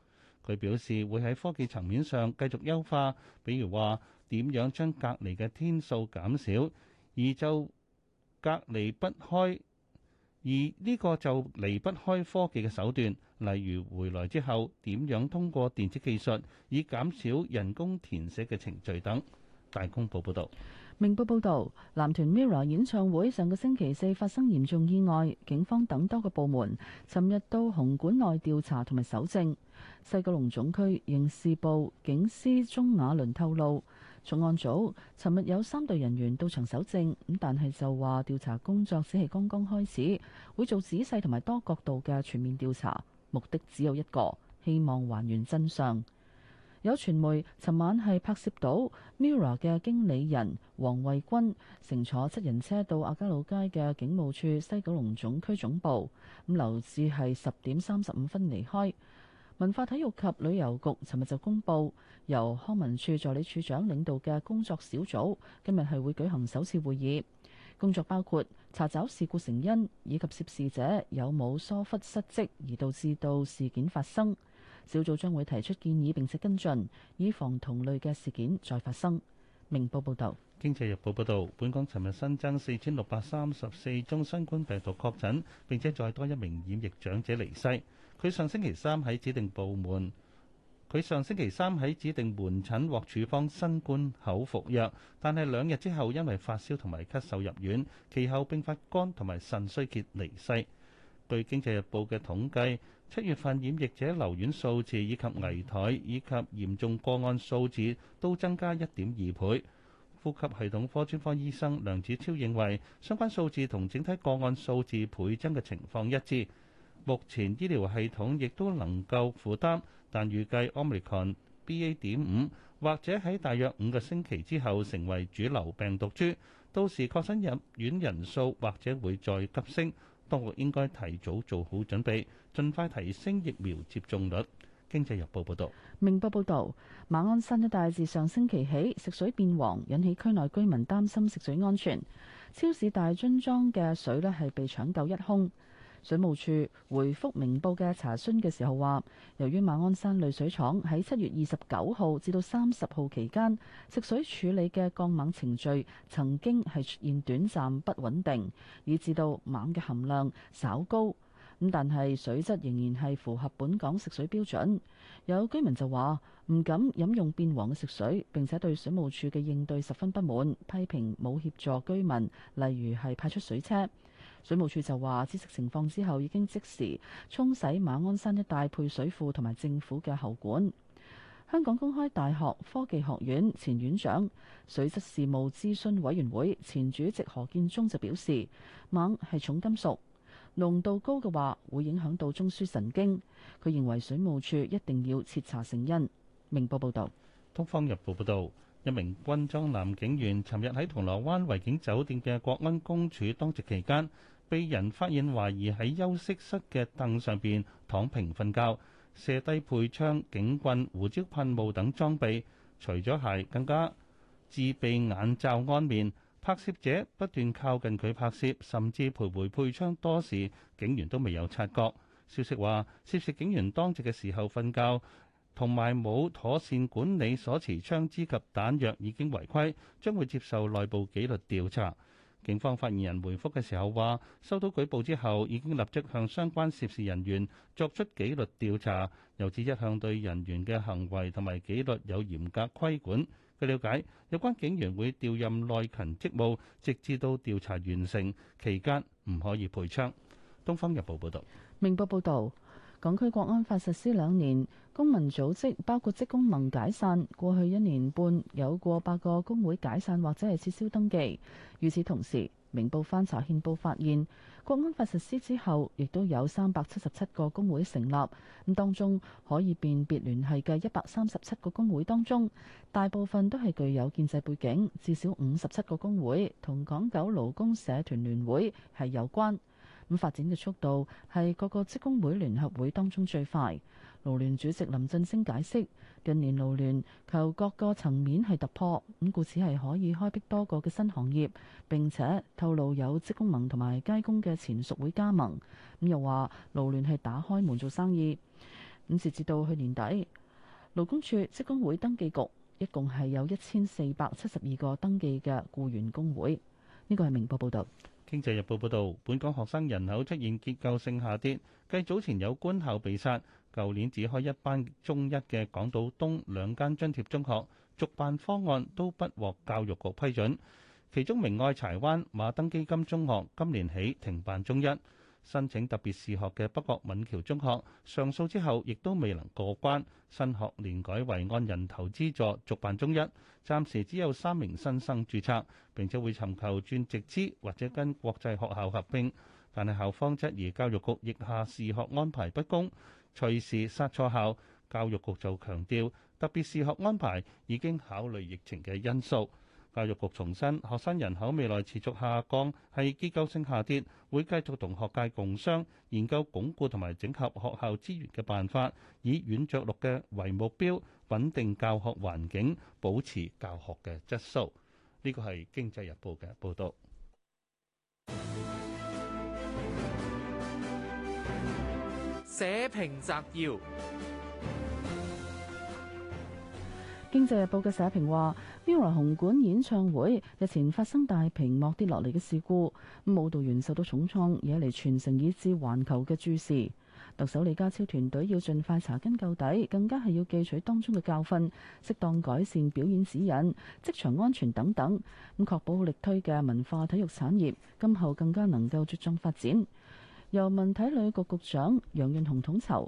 佢表示會喺科技層面上繼續優化，比如話點樣將隔離嘅天數減少。而就隔離不開，而呢個就離不開科技嘅手段，例如回來之後點樣通過電子技術以減少人工填寫嘅程序等。大公報報道。明報報道，藍團 Mirror 演唱會上個星期四發生嚴重意外，警方等多個部門尋日到紅館內調查同埋搜證。西九龍總區刑事部警司鐘雅倫透露。重案組尋日有三隊人員到場搜證，咁但係就話調查工作只係剛剛開始，會做仔細同埋多角度嘅全面調查，目的只有一個，希望還原真相。有傳媒尋晚係拍攝到 Mira 嘅經理人黃慧君乘坐七人車到亞皆老街嘅警務處西九龍總區總部，咁留置係十點三十五分離開。文化體育及旅遊局尋日就公布，由康文署助理署長領導嘅工作小組，今日係會舉行首次會議。工作包括查找事故成因，以及涉事者有冇疏忽失職而導致到事件發生。小組將會提出建議並且跟進，以防同類嘅事件再發生。明報報道，《經濟日報》報道，本港尋日新增四千六百三十四宗新冠病毒確診，並且再多一名染疫長者離世。佢上星期三喺指定部門，佢上星期三喺指定門診獲處方新冠口服藥，但係兩日之後因為發燒同埋咳嗽入院，其後並發肝同埋腎衰竭離世。據經濟日報嘅統計，七月份染疫者留院數字以及危殆以及嚴重個案數字都增加一點二倍。呼吸系統科專科醫生梁子超認為，相關數字同整體個案數字倍增嘅情況一致。目前醫療系統亦都能夠負擔，但預計 Omicron BA. 點五或者喺大約五個星期之後成為主流病毒株，到時確診入院人數或者會再急升，當局應該提早做好準備，盡快提升疫苗接種率。經濟日報報道：明報報道，馬鞍山一帶自上星期起食水變黃，引起區內居民擔心食水安全，超市大樽裝嘅水呢係被搶購一空。水務署回覆明報嘅查詢嘅時候話，由於馬鞍山濾水廠喺七月二十九號至到三十號期間，食水處理嘅降錳程序曾經係出現短暫不穩定，以至到錳嘅含量稍高。咁但係水質仍然係符合本港食水標準。有居民就話唔敢飲用變黃嘅食水，並且對水務署嘅應對十分不滿，批評冇協助居民，例如係派出水車。水務署就話：知識情況之後已經即時沖洗馬鞍山一帶配水庫同埋政府嘅喉管。香港公開大學科技學院前院長、水質事務諮詢委員會前主席何建宗就表示，錳係重金屬，濃度高嘅話會影響到中樞神經。佢認為水務署一定要徹查成因。明報報道：東方日報報道，一名軍裝男警員尋日喺銅鑼灣維景酒店嘅國安公署當值期間。被人發現懷疑喺休息室嘅凳上邊躺平瞓覺，射低配槍、警棍、胡椒噴霧等裝備，除咗鞋，更加自備眼罩安眠。拍攝者不斷靠近佢拍攝，甚至徘徊配槍多時，警員都未有察覺。消息話，涉事警員當值嘅時候瞓覺，同埋冇妥善管理所持槍支及彈藥，已經違規，將會接受內部紀律調查。警方發言人回覆嘅時候話：收到舉報之後，已經立即向相關涉事人員作出紀律調查。又指一向對人員嘅行為同埋紀律有嚴格規管。據了解，有關警員會調任內勤職務，直至到調查完成期間，唔可以配槍。《東方日報》報導，《明報》報導。港區國安法實施兩年，公民組織包括職工盟解散。過去一年半有過百個工會解散或者係撤銷登記。與此同時，《明報》翻查憲報發現，國安法實施之後，亦都有三百七十七個工會成立。咁當中可以辨別聯繫嘅一百三十七個工會當中，大部分都係具有建制背景，至少五十七個工會同港九勞工社團聯會係有關。咁發展嘅速度係各個職工會聯合會當中最快。勞聯主席林振升解釋，近年勞聯求各個層面係突破，咁故此係可以開闢多個嘅新行業。並且透露有職工盟同埋街工嘅前屬會加盟。咁又話勞聯係打開門做生意。咁截至到去年底，勞工處職工會登記局一共係有一千四百七十二個登記嘅僱員工會。呢個係明報報導。經濟日報報導，本港學生人口出現結構性下跌，繼早前有官校被殺，舊年只開一班中一嘅港島東兩間津貼中學，續辦方案都不獲教育局批准，其中明愛柴灣馬登基金中學今年起停辦中一。申請特別視學嘅北角敏橋中學上訴之後，亦都未能過關。新學年改為按人頭資助續辦中一，暫時只有三名新生註冊，並且會尋求轉直資或者跟國際學校合併。但係校方質疑教育局疫下視學安排不公，隨時殺錯校。教育局就強調，特別視學安排已經考慮疫情嘅因素。教育局重申，學生人口未來持續下降係結構性下跌，會繼續同學界共商研究鞏固同埋整合學校資源嘅辦法，以軟着陸嘅為目標，穩定教學環境，保持教學嘅質素。呢個係《經濟日報》嘅報導。社評摘要。《經濟日報》嘅社評話：《MIRROR》紅館演唱會日前發生大屏幕跌落嚟嘅事故，咁舞蹈員受到重創，惹嚟全城以至環球嘅注視。特首李家超團隊要盡快查根究底，更加係要記取當中嘅教訓，適當改善表演指引、職場安全等等，咁確保力推嘅文化體育產業，今後更加能夠茁壯發展。由文體旅局局長楊潤雄統籌。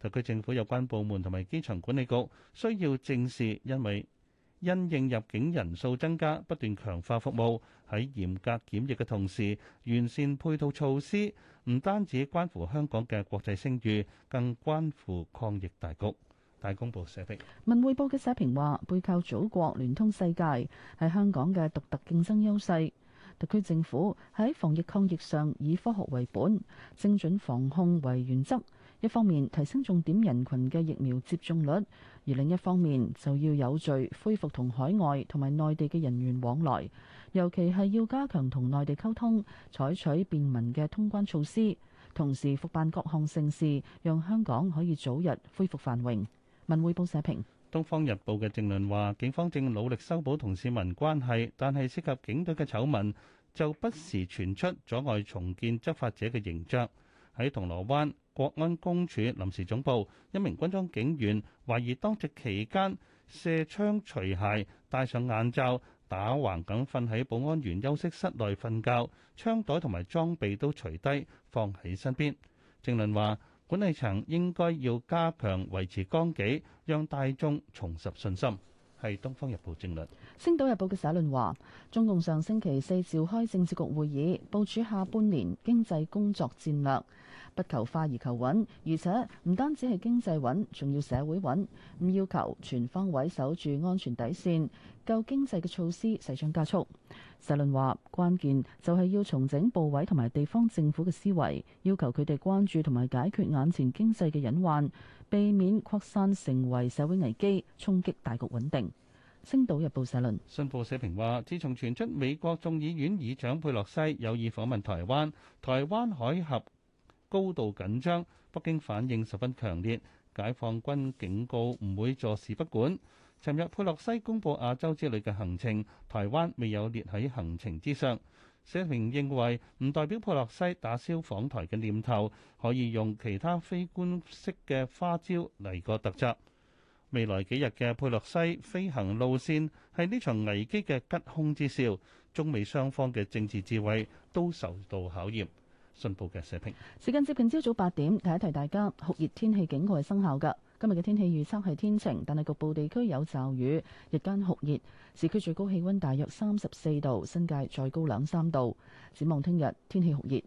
特區政府有關部門同埋機場管理局需要正視，因為因應入境人數增加，不斷強化服務，喺嚴格檢疫嘅同時，完善配套措施，唔單止關乎香港嘅國際聲譽，更關乎抗疫大局。大公報社評，文匯報嘅社評話：背靠祖國，聯通世界，係香港嘅獨特競爭優勢。特區政府喺防疫抗疫上，以科學為本，精準防控為原則。一方面提升重點人群嘅疫苗接種率，而另一方面就要有序恢復同海外同埋內地嘅人員往來，尤其係要加強同內地溝通，採取便民嘅通關措施，同時復辦各項盛事，讓香港可以早日恢復繁榮。文匯報社評。東方日報嘅政論話：警方正努力修補同市民關係，但係涉及警隊嘅醜聞，就不時傳出，阻礙重建執法者嘅形象喺銅鑼灣國安公署臨時總部一名軍裝警員懷疑當值期間卸槍除鞋戴上眼罩打橫咁瞓喺保安員休息室內瞓覺，槍袋同埋裝備都除低放喺身邊。政論話，管理層應該要加強維持綱紀，讓大眾重拾信心。係《東方日報》政論，《星島日報》嘅社論話，中共上星期四召開政治局會議，部署下半年經濟工作戰略。不求快而求穩，而且唔單止係經濟穩，仲要社會穩，咁要求全方位守住安全底線，救經濟嘅措施勢將加速。社論話，關鍵就係要重整部委同埋地方政府嘅思維，要求佢哋關注同埋解決眼前經濟嘅隱患，避免擴散成為社會危機沖擊大局穩定。星島日報社論。信報社評話，自從傳出美國眾議院議長佩洛西有意訪問台灣，台灣海峽高度緊張，北京反應十分強烈，解放軍警告唔會坐視不管。尋日佩洛西公布亞洲之旅嘅行程，台灣未有列喺行程之上。社評認為唔代表佩洛西打消訪台嘅念頭，可以用其他非官式嘅花招嚟個特襲。未來幾日嘅佩洛西飛行路線係呢場危機嘅吉凶之兆，中美雙方嘅政治智慧都受到考驗。信報嘅社評，時間接近朝早八點，提一提大家酷熱天氣警告係生效㗎。今日嘅天氣預測係天晴，但係局部地區有驟雨，日間酷熱，市區最高氣温大約三十四度，新界再高兩三度。展望聽日天，天氣酷熱，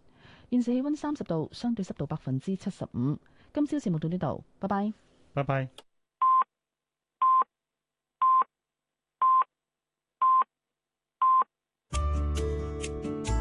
現時氣温三十度，相對濕度百分之七十五。今朝節目到呢度，拜拜。拜拜。